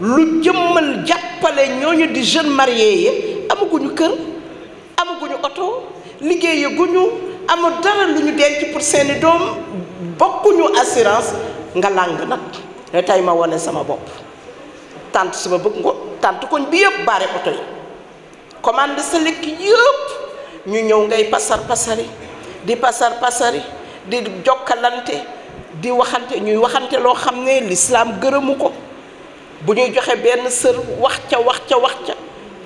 lu jëmmal jàppale ñooñu di jeune marié yi amaguñu kër amaguñu oto liggéeyaguñu amul dara lu ñu denc pour seeni doom bokkuñu assurance nga làng nag ne tey ma wane sama bopp tànt suma bëgg nga tànt koñ bi yëpp baare oto yi commande sa lekk yëpp ñu ñëw ngay pasar pasari di pasar pasari di jokkalante di waxante ñuy waxante loo xam ne lislaam gërëmu ko bu ñuy joxe benn sër wax ca wax ca wax ca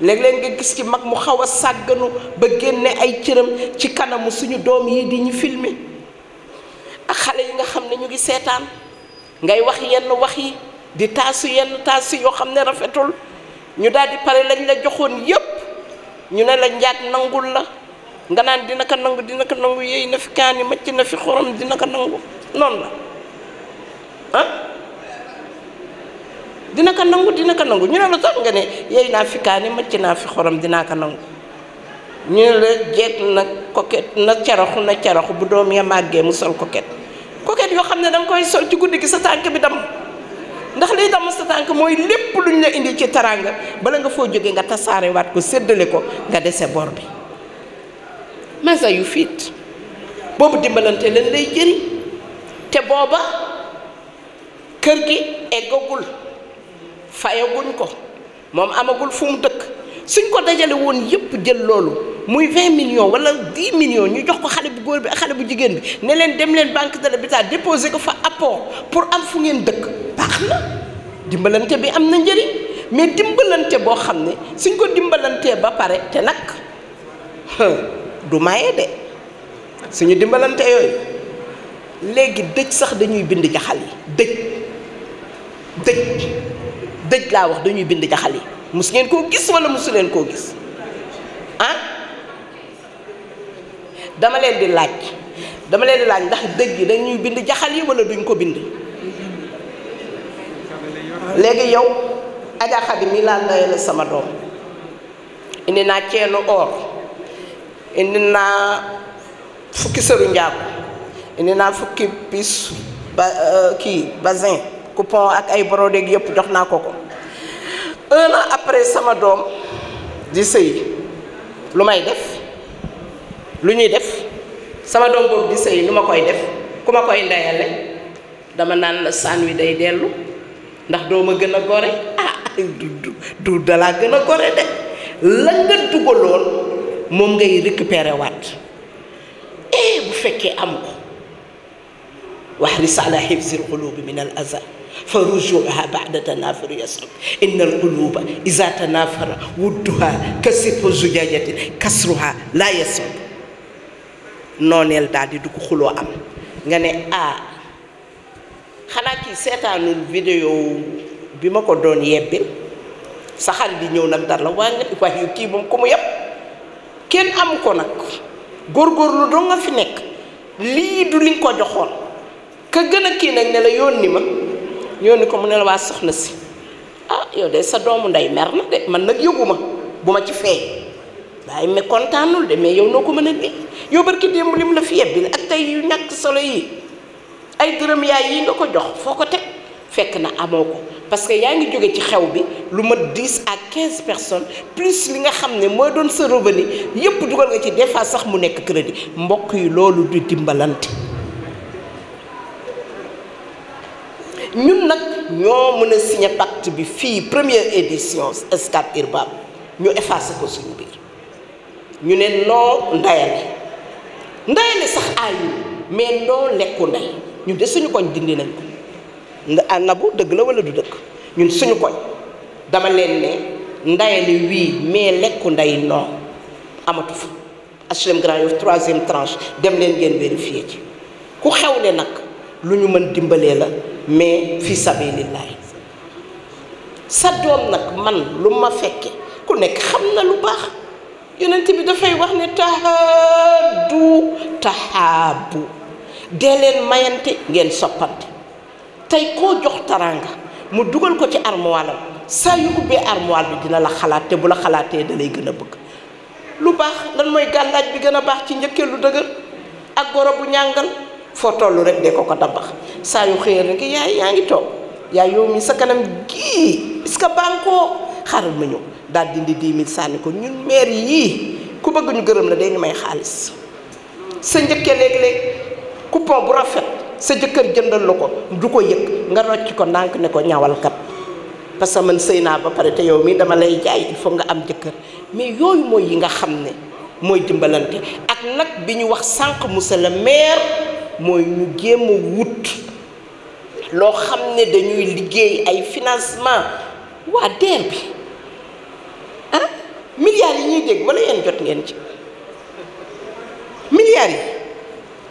léeg leen nga gis ci mag mu xaw a sàgganu ba génne ay cëram ci kanamu suñu doom yi di ñu filmer ak xale yi nga xam ne ñu ngi seetaan ngay wax yenn wax yi di taasu yenn taasu yoo xam ne rafetul ñu daal di pare lañ la joxoon yépp ñu ne la njaag nangul la nga naan dina ko nangu dina ko nangu yooyu na fi na fi xorom dina ko nangu noonu la dina ko nangu dina ko nangu ñu ne la toog nga ne yooyu naa fi kaani macc naa fi xorom dinaa ko nangu ñu ne la jeeg na coquette na caraxu na caraxu bu doom ya màggee mu sol coquette coquette yoo xam ne da koy sol ci guddi gi sa tànk bi dam ndax liy dam sa tànk mooy lépp luñ la indi ci teraanga bala nga foo jógee nga tasaare waat ko séddale ko nga dese bor bi masa yu fiit boobu dimbalante leen lay jëriñ te booba kër gi eggagul fayaguñ ko moom amagul fu mu dëkk suñ ko dajale woon yépp jël loolu muy 20 millions wala 10 ñu jox ko xale bu góor bi ak xale bu jigéen bi ne leen dem leen banque de l'habitat déposer ko fa apport pour am fu ngeen dëkk baax na dimbalante bi am na njëriñ mais dimbalante boo xam ne suñ ko dimbalantee ba pare te nag du maye de suñu dimbalante yooyu léegi dëj sax dañuy bind jaxal yi dëj dëj dëj laa wax dañuy bind jaxal yi mus ngeen koo gis wala musu leen koo gis ah? dama leen di laaj dama leen di laaj ndax dëgg yi dañuy bind jaxal yi wala duñ ko bind léegi yow Adja Xadi mii laa layee la sama doom indi naa ceenu or indi naa fukki sëru njaaku indi naa fukki pis ba euh, kii basin coupon ak ay brodé yëpp jox naa ko ko un an après sama doom di sëy lu may def luñuy def sama dom bob di sëy numa koy def kuma koy ndeyale dama nan la saan wi day delu ndax doo ma gën gore ah du du dalaa gën a gore de la nga dugaloon mom ngay récupérer wat eh bu fekkee am ko واحرص على حفظ القلوب من الأذى فرجوها بعد تنافر يسرب إن القلوب إذا تنافر ودها كسب زجاجة كسرها لا يسرب nooneel daal di dugg xuloo am nga ne ah xanaa kii seetaanul vidéo bi ma ko doon yebbil sa xarit di ñëw nag dara la waa nga waaye yu kii moom ku mu yëpp kenn amu ko nag góorgóorlu doo nga fi nekk lii du li nga ko doxoon ka gën a kii nag ne la yónni ma yónni ko mu ne waa soxna si ah yow de sa doomu ndey mer na de man nag yëguma bu ma ci feeñ waaye mais kontaanul de mais yow noo ko mën a barki démb lim la fi yebbil ak tay yu ñak solo yi ay deureum yaay yi nga ko jox foko tek teg fekk na amoko parce que yaangi joggé ci xew bi lu mat 10 à 15 personnes plus li nga xamné ne doon se revenu yépp dugal nga ci des fois sax mu nekk crédit mbokk yi lolu du dimbalante ñun nak ñoo mën signé pacte bi fi première édition escape Urbam ñu effacer ko suñu biir ñu ne noo ndayale ndayale sax aayu mais noo lekku nday ñu de suñu koñ dindi nañ ko nda ah, nabu dëgg la wala du dëgg ñun suñu koñ dama leen ne ndayale wii mais lekku ndey noon amatu fa HLM Grand Yoff troisième tranche dem leen ngeen vérifier ci ku xewle nag lu ñu mën dimbalee la mais fii sabilillahi sa doom nag man lu ma fekke ku nekk xam na lu baax yonent bi dafay wax ne tahaadu tahaabu dee leen mayante ngeen soppante tey koo jox taraanga mu dugal ko ci armoire am saa yu armoire bi dina la xalaat te bu la xalaatee da lay gën a bëgg lu baax lan mooy gàllaaj bi gën a baax ci njëkkee lu dëgër ak goro bu ñàngal foo toll rek de ko ko tabax saa yu xëyee rek yaay yaa ngi toog yaay yow sa kanam gii est que baa nga koo xaaral ma ñëw daal dindi 10 000 sànni ko ñun maire yii ku bëgg gërëm la dañu may xaalis sa njëkkee léeg-léeg coupon bu rafet sa jëkkër jëndal la ko du ko yëg nga rocc ko ndànk ne ko ñawalkat parce que man sëy naa ba pare te yow mii dama lay jaay il nga am jëkkër mais yooyu mooy yi nga xam ne mooy dimbalante ak nag bi ñu wax sànq monsieur le maire mooy ñu jéem wut loo xam ne dañuy liggéey ay financement waa DER bi milliards yi ñuy dégg wala yéen jot ngeen ci milliards yi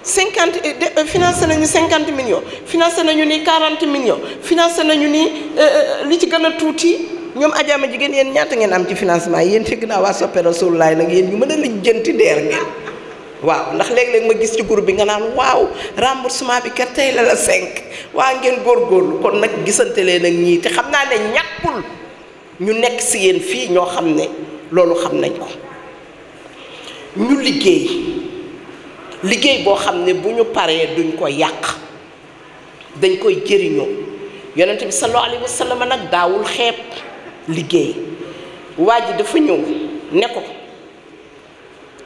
cinquante eh, eh, financé nañu cinquante million financé nañu nii quarante millions finance nañu nii eh, li ci gën a tuuti ñoom ajaama jigéen yéen ñaata ngeen am ci financement yi yéen fekk naa waa soppe Rasulullaay nag yéen ñu mën a lijjanti deer ngeen waaw ndax léeg-léeg ma gis ci groupe bi nga naan waaw remboursement bi kat tey la la cinq waa ngeen góor góorgóorlu kon nag gisante leen ak ñii te xam naa ne ñàkkul ñu nekk si yéen fii ñoo xam ne loolu xam nañ ko ñu liggéey liggéey boo xam ne bu ñu paree duñ ko yàq dañ koy jëriñoo yonent bi sallallahu alayhi wa nag daawul xeeb liggéey waa ji dafa ñëw ne ko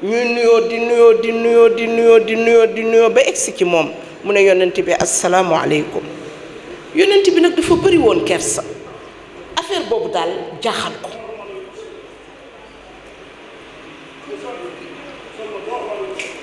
ñuy nuyoo di nuyoo di nuyoo di nuyoo di nuyoo di nuyoo ba egsi ci moom mu ne yonent bi asalaamualeykum yonent bi nag dafa bëri woon kersa affaire boobu daal jaaxal ko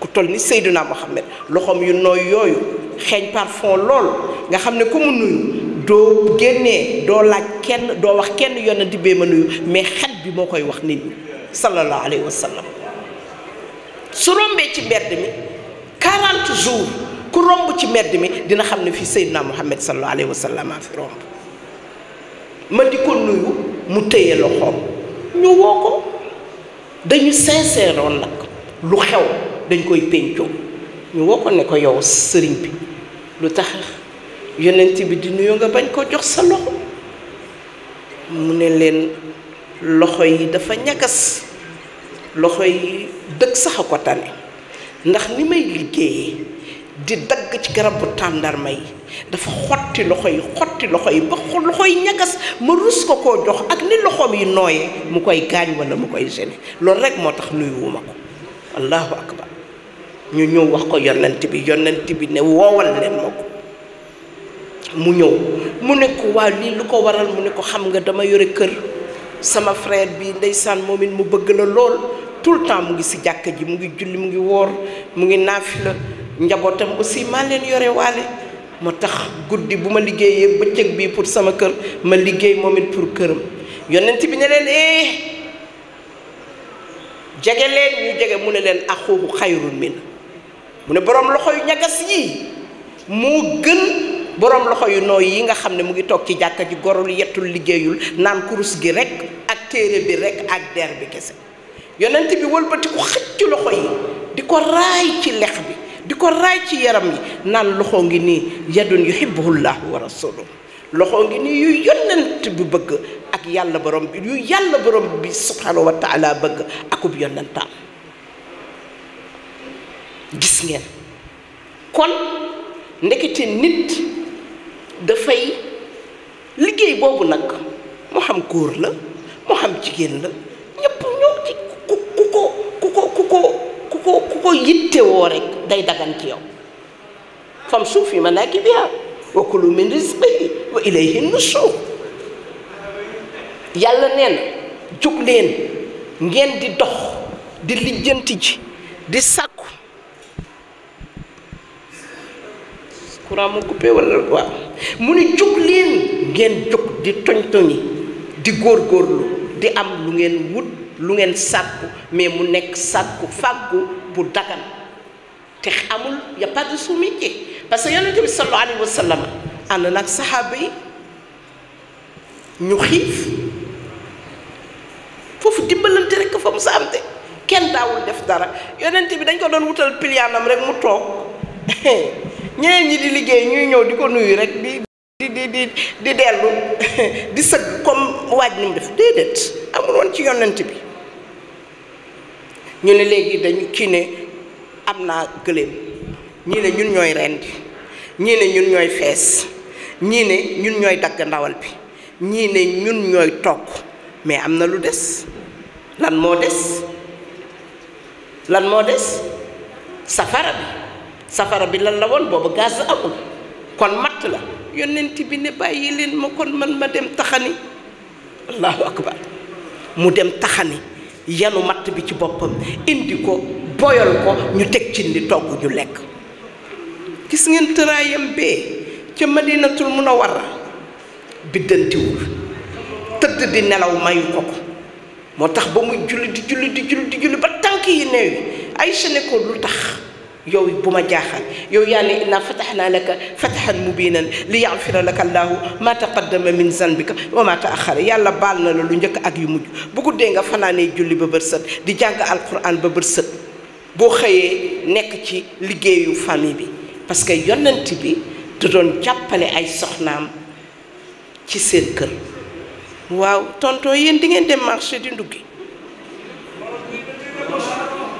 ku toll ni Seydina Mohamed loxoom yu nooy yooyu xeeñ parfum lool nga xam ne ku mu nuyu doo génnee doo laaj kenn doo wax kenn yonent bee ma nuyu mais xet bi moo koy wax nit ñi sallallahu alayhi su rombee ci mbedd mi ku romb ci mbedd mi dina xam ne fii Seydina Mohamed sallallahu alayhi wa fi romb ma di ko nuyu mu téye loxoom ñu woo ko dañu sincère nag lu xew. dañ koy péncoo ñu woo ko ne ko yow sëriñ bi lu tax yonent bi di nuyoo nga bañ koo jox sa loxo mu ne leen loxo yi dafa ñagas loxo yi dëgg sax a ko tane ndax ni may liggéeyee di dagg ci garabu tàndarma yi dafa xotti loxo yi xotti loxo yi ba loxo yi ñagas ma rus ko koo jox ak ni loxoom yi nooyee mu koy gaañ wala mu koy gêné loolu rek moo tax nuyuwuma ko allahu akbar ñu ñëw wax ko yonent bi yonent bi ne woowal leen ma ko mu ñëw mu ne ko waaw lii lu ko waral mu ne ko xam nga dama yore kër sama frère bi ndeysaan moom it mu bëgg la lool tout le temps mu ngi si jàkka ji mu ngi julli mu ngi woor mu ngi naafi la njabootam aussi maa leen yore waale moo tax guddi bu ma liggéeyee bëccëg bii pour sama kër ma liggéey moom it pour këram yonent bi ne leen eh jege leen ñu jege mu ne leen axuhu xayrun min mu ne boroom loxo yu ñagas yi moo gën borom loxo yu nooy yi nga xam ne mu ngi toog ci jàkka ji gorul yetul liggéeyul naan kurus gi rek ak téere bi rekk ak der bi kese yonent bi wëlbati ku xëcc loxo yi di ko raay ci lex bi di ko raay ci yaram yi naan loxo ngi nii yadun yuhibbuhullahu wa rasuluhu loxo ngi nii yu yonent bi bëgg ak yàlla borom bi yu yàlla borom bi subhanahu wa taala bëgg akub yonentaam gis ngeen kon ndekete nit dafay liggéey boobu nag mu xam góor la mu xam jigéen la ñëpp ñoo ci ku ku ko ku ko ku ko ku ko yittewoo rek day dagan ci yow famshu fi manaakibihaa wa kulu min rizqihi wa ilayhi nushur yàlla nee na ngeen di dox di lijjanti ji di sàkku courant mu coupé wala wa mu ni len leen ngeen di togn toñi di gorlu di am lu ngeen wut lu ngeen sakku mais mu nek sakku fagu bu dagan te amul ya pas de sous-métier parce que yalla sallallahu alayhi Wasallam, sallam nak nag yi ñu xif fofu dimbalante rek fofu sa am de kenn def dara yonente bi dañ ko don wutal pilianam rek mu tok ñeneen ñi di liggéey ñuy ñëw di ko nuyu rek di di di di di dellu di sëgg comme waaj ni def déedéet amul woon ci yonent bi ñu ne léegi dañu kii ne am naa gëléem ñii ne ñun ñooy rendi ñii ne ñun ñooy fees ñii ne ñun ñooy dagg ndawal bi ñii ne ñun ñooy togg mais am na lu des lan moo des lan moo des safara bi safara bi lan la woon boobu gaz amul kon matt la yonent bi ne bàyyi leen ma kon man ma dem taxani allahu akbar mu dem taxani yenu matt bi ci boppam indi ko boyal ko ñu teg ci ni togg ñu lekk gis ngeen tëraayam bee ca madinatul munawwara biddantiwul tëdd di nelaw mayu ko ko moo tax ba muy julli di julli di julli ba tànk yi neew yi ay sene lu tax يو bu ma jaaxal yow yàlla inna fataxnaa laka fataxan mubinan li yaxfira laka allaahu maa taqaddama min zanbika wa maa taaxara yàlla baal na la lu njëkk ak yu mujj bu guddee nga fanaanee julli ba bër sët di jàng alquran ba bër sët boo xëyee ci liggéeyu famille bi parce que yonent bi da doon jàppale ay soxnaam ci seen kër waaw tonton yéen di ngeen dem marché di nduggi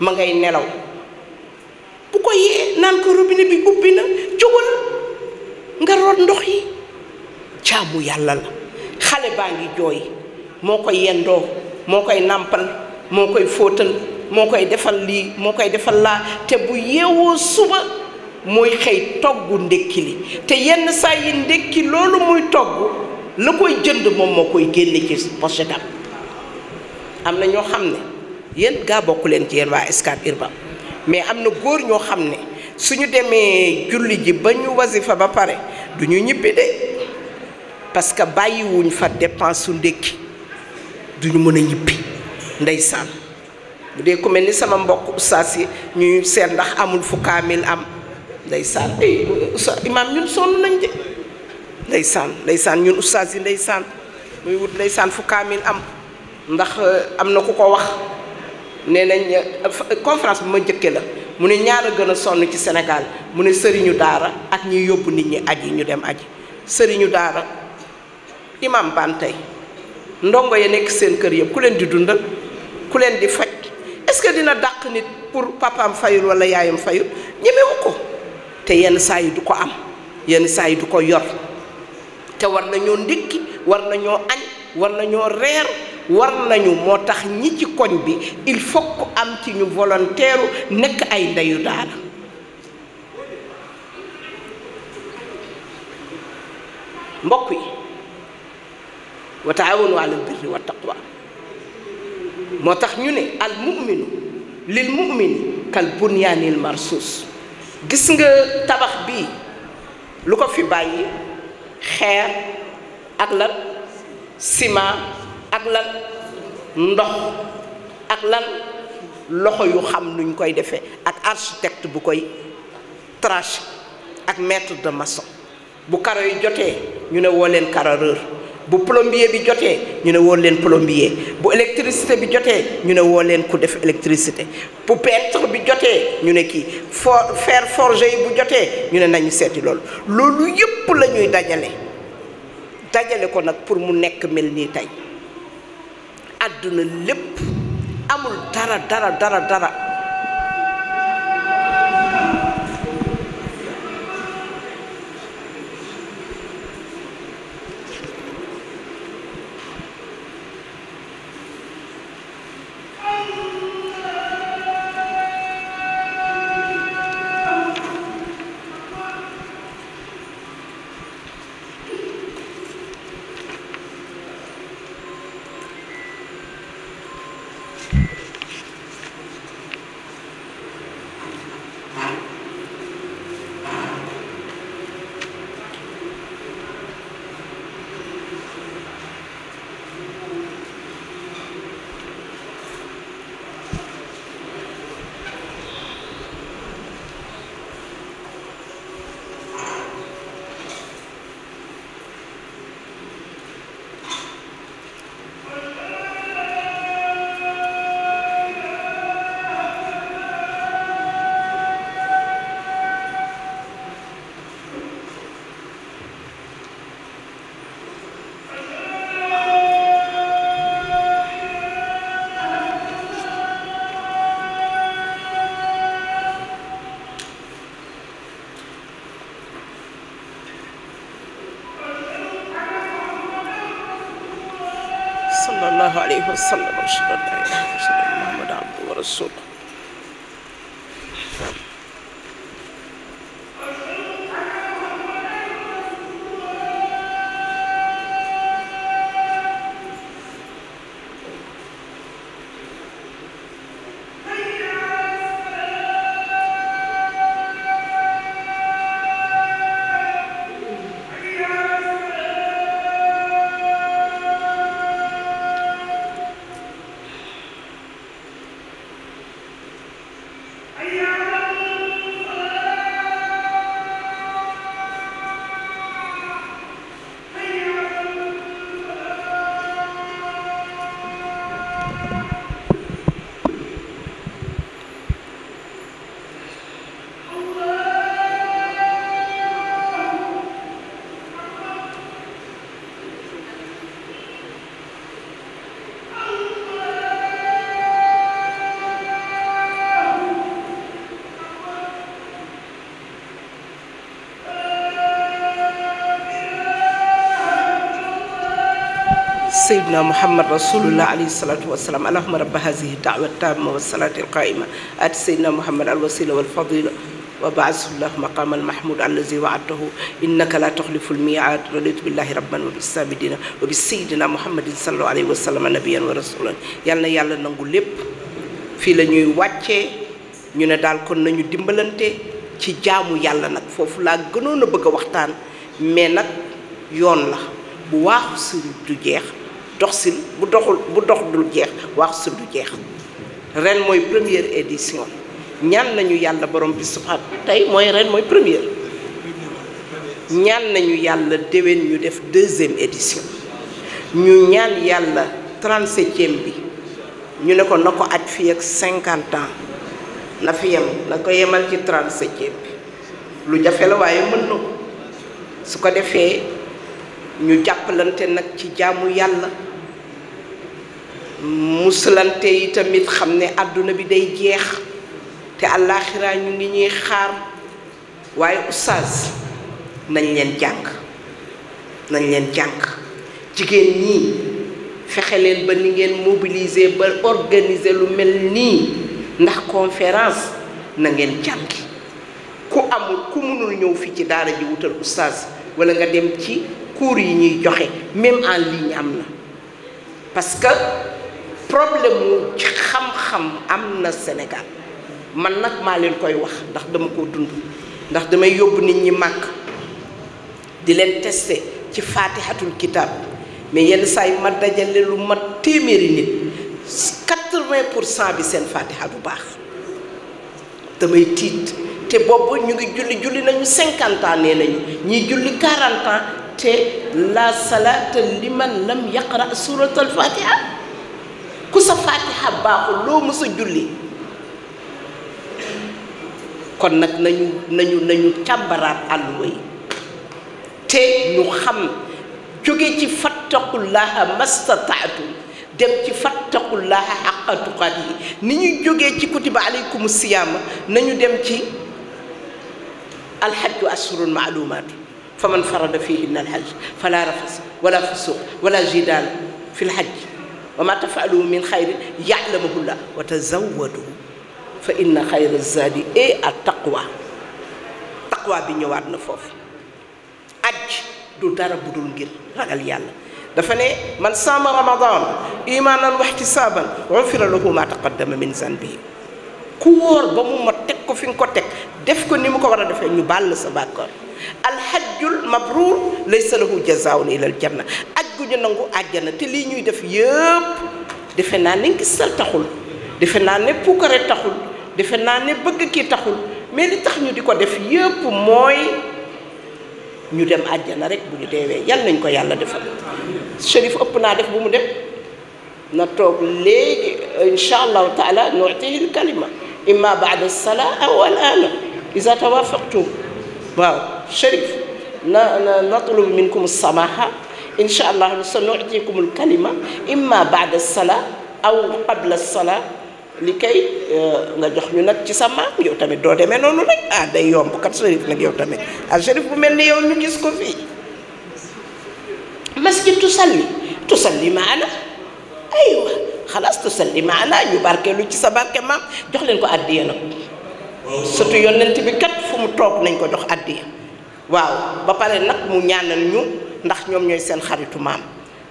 ma ngay nelaw bu ko yee naan ko robinet bi ubbi na jógal nga root ndox yi jaamu yàlla la xale baa ngi jooy moo koy yendoo moo koy nàmpal moo koy fóotal moo koy defal lii moo koy defal laa te bu yeewoo suba mooy xëy toggu ndékki li te yenn saa yi ndékki loolu muy togg la koy jënd moom moo koy génne gis pochetam am na ñoo xam ne yéen gaa bokk leen ci yéen waa Scat Urbam mais am na góor ñoo xam ne suñu demee julli ji ba ñu fa ba pare du ñu ñibbi de parce que bàyyiwuñ fa depanse su ndékki du ñu mën a ñibbi ndeysaan bu dee ku mel ni sama mbokk ustaas yi ñuy seet ndax amul fu kaamil am ndeysaan eh, ay imaam ñun sonn nañ de ndeysaan ndeysaan ñun ustaas yi ndeysaan muy wut ndeysaan fu kaamil am ndax eh, am na ku ko wax nee nañ conférence bi ma njëkkee la mu ne ñaar a gën a sonn ci senegal mu ne sëriñu daara ak ñuy yóbbu nit ñi aji ñu dem aji sëriñu daara imam bantey ndongo ya nekk seen kër yëpp ku leen di dundal ku leen di faj est que dina dàq nit pour papaam fayul walla yaayam fayul ñemewu ko te yenn saa yi du ko am yenn saa yi du ko yor te war nañoo ndékki war nañoo añ war nañoo reer war nañu moo tax ñi ci koñ bi il faut am ci ñu volontaire nekk ay ndeyu daara mbokk yi wa taawanu alal birri wa moo tax ñu ne al muminu lil mumini kal bunyaanil marsuus gis nga tabax bii lu ko fi bàyyi xeer ak lan ak lan ndox ak lan loxo yu xam nuñ koy defee ak architecte bu koy tracer ak maître de maçon bu karo yi jotee ñu ne woo leen carreleur bu plombier bi jotee ñu ne woo leen plombier bu électricité bi jotee ñu ne woo leen ku def électricité bu peintre bi jotee ñu ne kii for fer forgé yi bu jotee ñu ne nañu seeti loolu loolu yëpp la ñuy dajale dajale ko nag pour mu nekk mel nii tey àdduna lépp amul dara dara dara dara वसल्लम मोहम्मद रसूल سيدنا محمد رسول الله عليه الصلاة والسلام اللهم رب هذه الدعوة التامة والصلاة القائمة آت سيدنا محمد الوسيلة والفضيلة وبعثه الله مقام المحمود الذي وعدته إنك لا تخلف الميعاد رضيت بالله ربا وبالسابدين دينا وبسيدنا محمد صلى الله عليه وسلم نبيا ورسولا يالنا يالا نانغول لب في لا ñuy wàccee ñu ne daal kon nañu dimbalante ci jaamu yàlla nag foofu laa gënoon a bëgg a waxtaan mais nag yoon la bu waaxu si dox bu doxul bu dox dul jeex wax su du jeex ren moy première édition ñan nañu yalla borom bi subhan tay moy ren moy première ñan nañu yalla dewen ñu def deuxième édition ñu ñaan yalla 37e bi ñu ne ko na ko aj ak 50 ans la fi yem na ko yemal ci 37e bi lu jafe la waaye mën na su ko defee ñu jàppalante nag ci jaamu yàlla musalante yi tamit xam ne àdduna bi day jeex te àllaaxira ñu ngi ñuy xaar waaye oustaz nañ leen jàng nañ leen jàng jigéen ñi fexe leen ba ni ngeen mobiliser ba organiser lu mel nii ndax conference na ngeen jàngi ku amul ku mënul ñëw fii ci daara ji wutal oustaz walla nga dem ci cours yi ñuy joxe même en ligne amna parce que problème mu xam-xam amna Sénégal man nak ma leen koy wax ndax dama ko dund ndax dama yob nit ñi mak di leen tester ci fatihatul kitab mais yenn say ma dajale lu ma téméré nit 80% bi sen faatiha bu baax damay tiit te boobu ñu ngi julli julli nañu 50 ans né nañu ñi julli 40 ans te la salaata liman lam yaqra suratul fatiha ku sa fatiha baaxul loo mës a julli kon nag nañu nañu nañu càmbaraat àlluwa te ñu xam jóge ci fattaqullaha mastataatu dem ci fattaqullaha haqqa tuqaat ni ñu joge ci kutiba aleykum siyam nañu dem ci al alxajju assurun ma'lumat فمن فرد فيهن الحج فلا رفس ولا فسوق ولا جدال في الحج وما تفعلوا من خير يعلمه الله وتزودوا فإن خير الزاد إيه التقوى تقوى بن يوار نفوف أج دو دار بدون غير رجل يالا دفني من صام رمضان إيمانا واحتسابا غفر له ما تقدم من ذنبه كور بمو متك فين كوتك دفكو نيمو كو وارا دفي ني الحج المبرور ليس له جزاء الى الجنه اجو نانغو اجانا تي لي نوي ديف ييب ديفنا نينك سال تاخول ديفنا ني بوكاري تاخول ديفنا ني بغ كي تاخول مي لي تاخ نيو ديكو ديف ييب موي ني ديم اجانا ريك بو ني ديوي يال نانكو يالا ديف شريف اوبنا ديف بومو ديم نا توك ان شاء الله تعالى نعطيه الكلمه اما بعد الصلاه او الان اذا توافقتم باو شريف نطلب منكم السماحه ان شاء الله سنعطيكم الكلمه اما بعد الصلاه او قبل الصلاه لكي آه، نجح من التسمى يعتمد دو دمي نونو لا آه دي يوم بكر آه، شريف من يعتمد الشريف من يوم نجيس كوفي مسجد تسلي تسلي معنا أيوة خلاص تسلي معنا يبارك لو تسبارك ما جوخ لنكو أدينا ستو يون ننتي بكت fu mu toog nañ ko dox jox addiya waaw ba pare nag mu ñaanal ñu ndax ñoom ñooy seen xaritu maam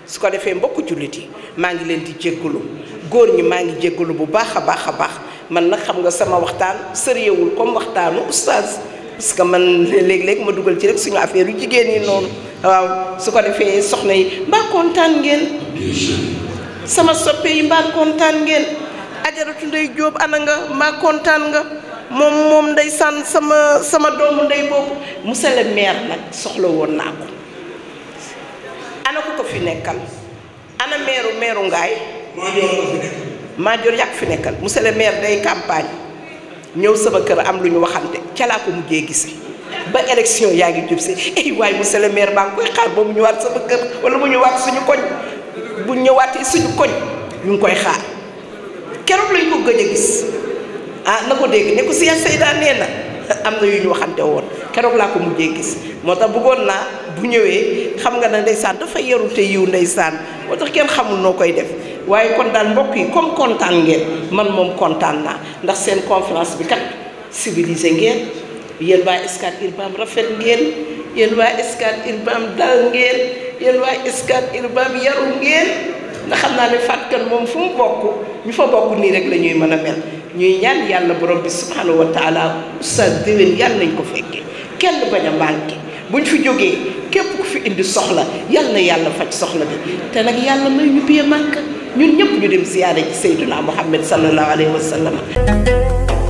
su ko defee mbokku jullit yi maa ngi leen di jéggalu góor ñi maa ngi jéggalu bu baax a baax a baax man nag xam nga sama waxtaan sëriwul comme waxtaanu oustaz parce que man léeg-léeg ma dugal ci rek suñu affaire yu jigéen ñi noonu waaw su ko defee soxna yi mbaa kontaan ngeen sama soppe yi mbaa kontaan ngeen ajaratu ndey jóob ana nga mbaa kontaan nga moom moom sànn sama sama doomu ndey boobu monsieur le maire nag soxla woon naa ko ana ko fi nekkal ana meeru meeru ngaay maajoor yàgg fi nekkal monsieur le maire day campagne ñëw sama kër am lu ñu waxante ca laa ko mujjee gise ba élection yaa ngi jub si ay waay monsieur le maire baa ngi koy xaar ba mu ñëwaat sama kër wala mu ñëwaat suñu koñ bu ñëwaatee suñu koñ ñu ngi koy xaar keroog lañ ko gëj a gis ah na ko dégg ne ko si Seyda nee na am na yu ñu waxante woon keroog laa ko mujjee gis moo tax bëggoon naa bu ñëwee xam nga ne ndeysaan dafa yaru te ndey saan moo tax kenn xamul noo koy def waaye kon daal mbokk yi comme kontaan ngeen man moom kontaan naa ndax seen conférence bi kat civilisé ngeen yéen waa Scat Urbam rafet ngeen yéen waa Scat Urbam dal ngeen yéen waa Scat Urbam yaru ngeen ndax xam naa ne fàtkan moom fu mu bokk ñu fa bokk nii rek la ñuy mën a mel ñuy ñaan yàlla borom bi subhanahu wa taala oustaz déwén yàlla nañ ko fekke kenn bañ a manqué buñ fi jógee képp ku fi indi soxla yàlla na yàlla faj soxla bi te nag yàlla may ñu biyee màkk ñun ñëpp ñu dem ziyaara ci sayduna muhammad sallallahu alayhi wa sallam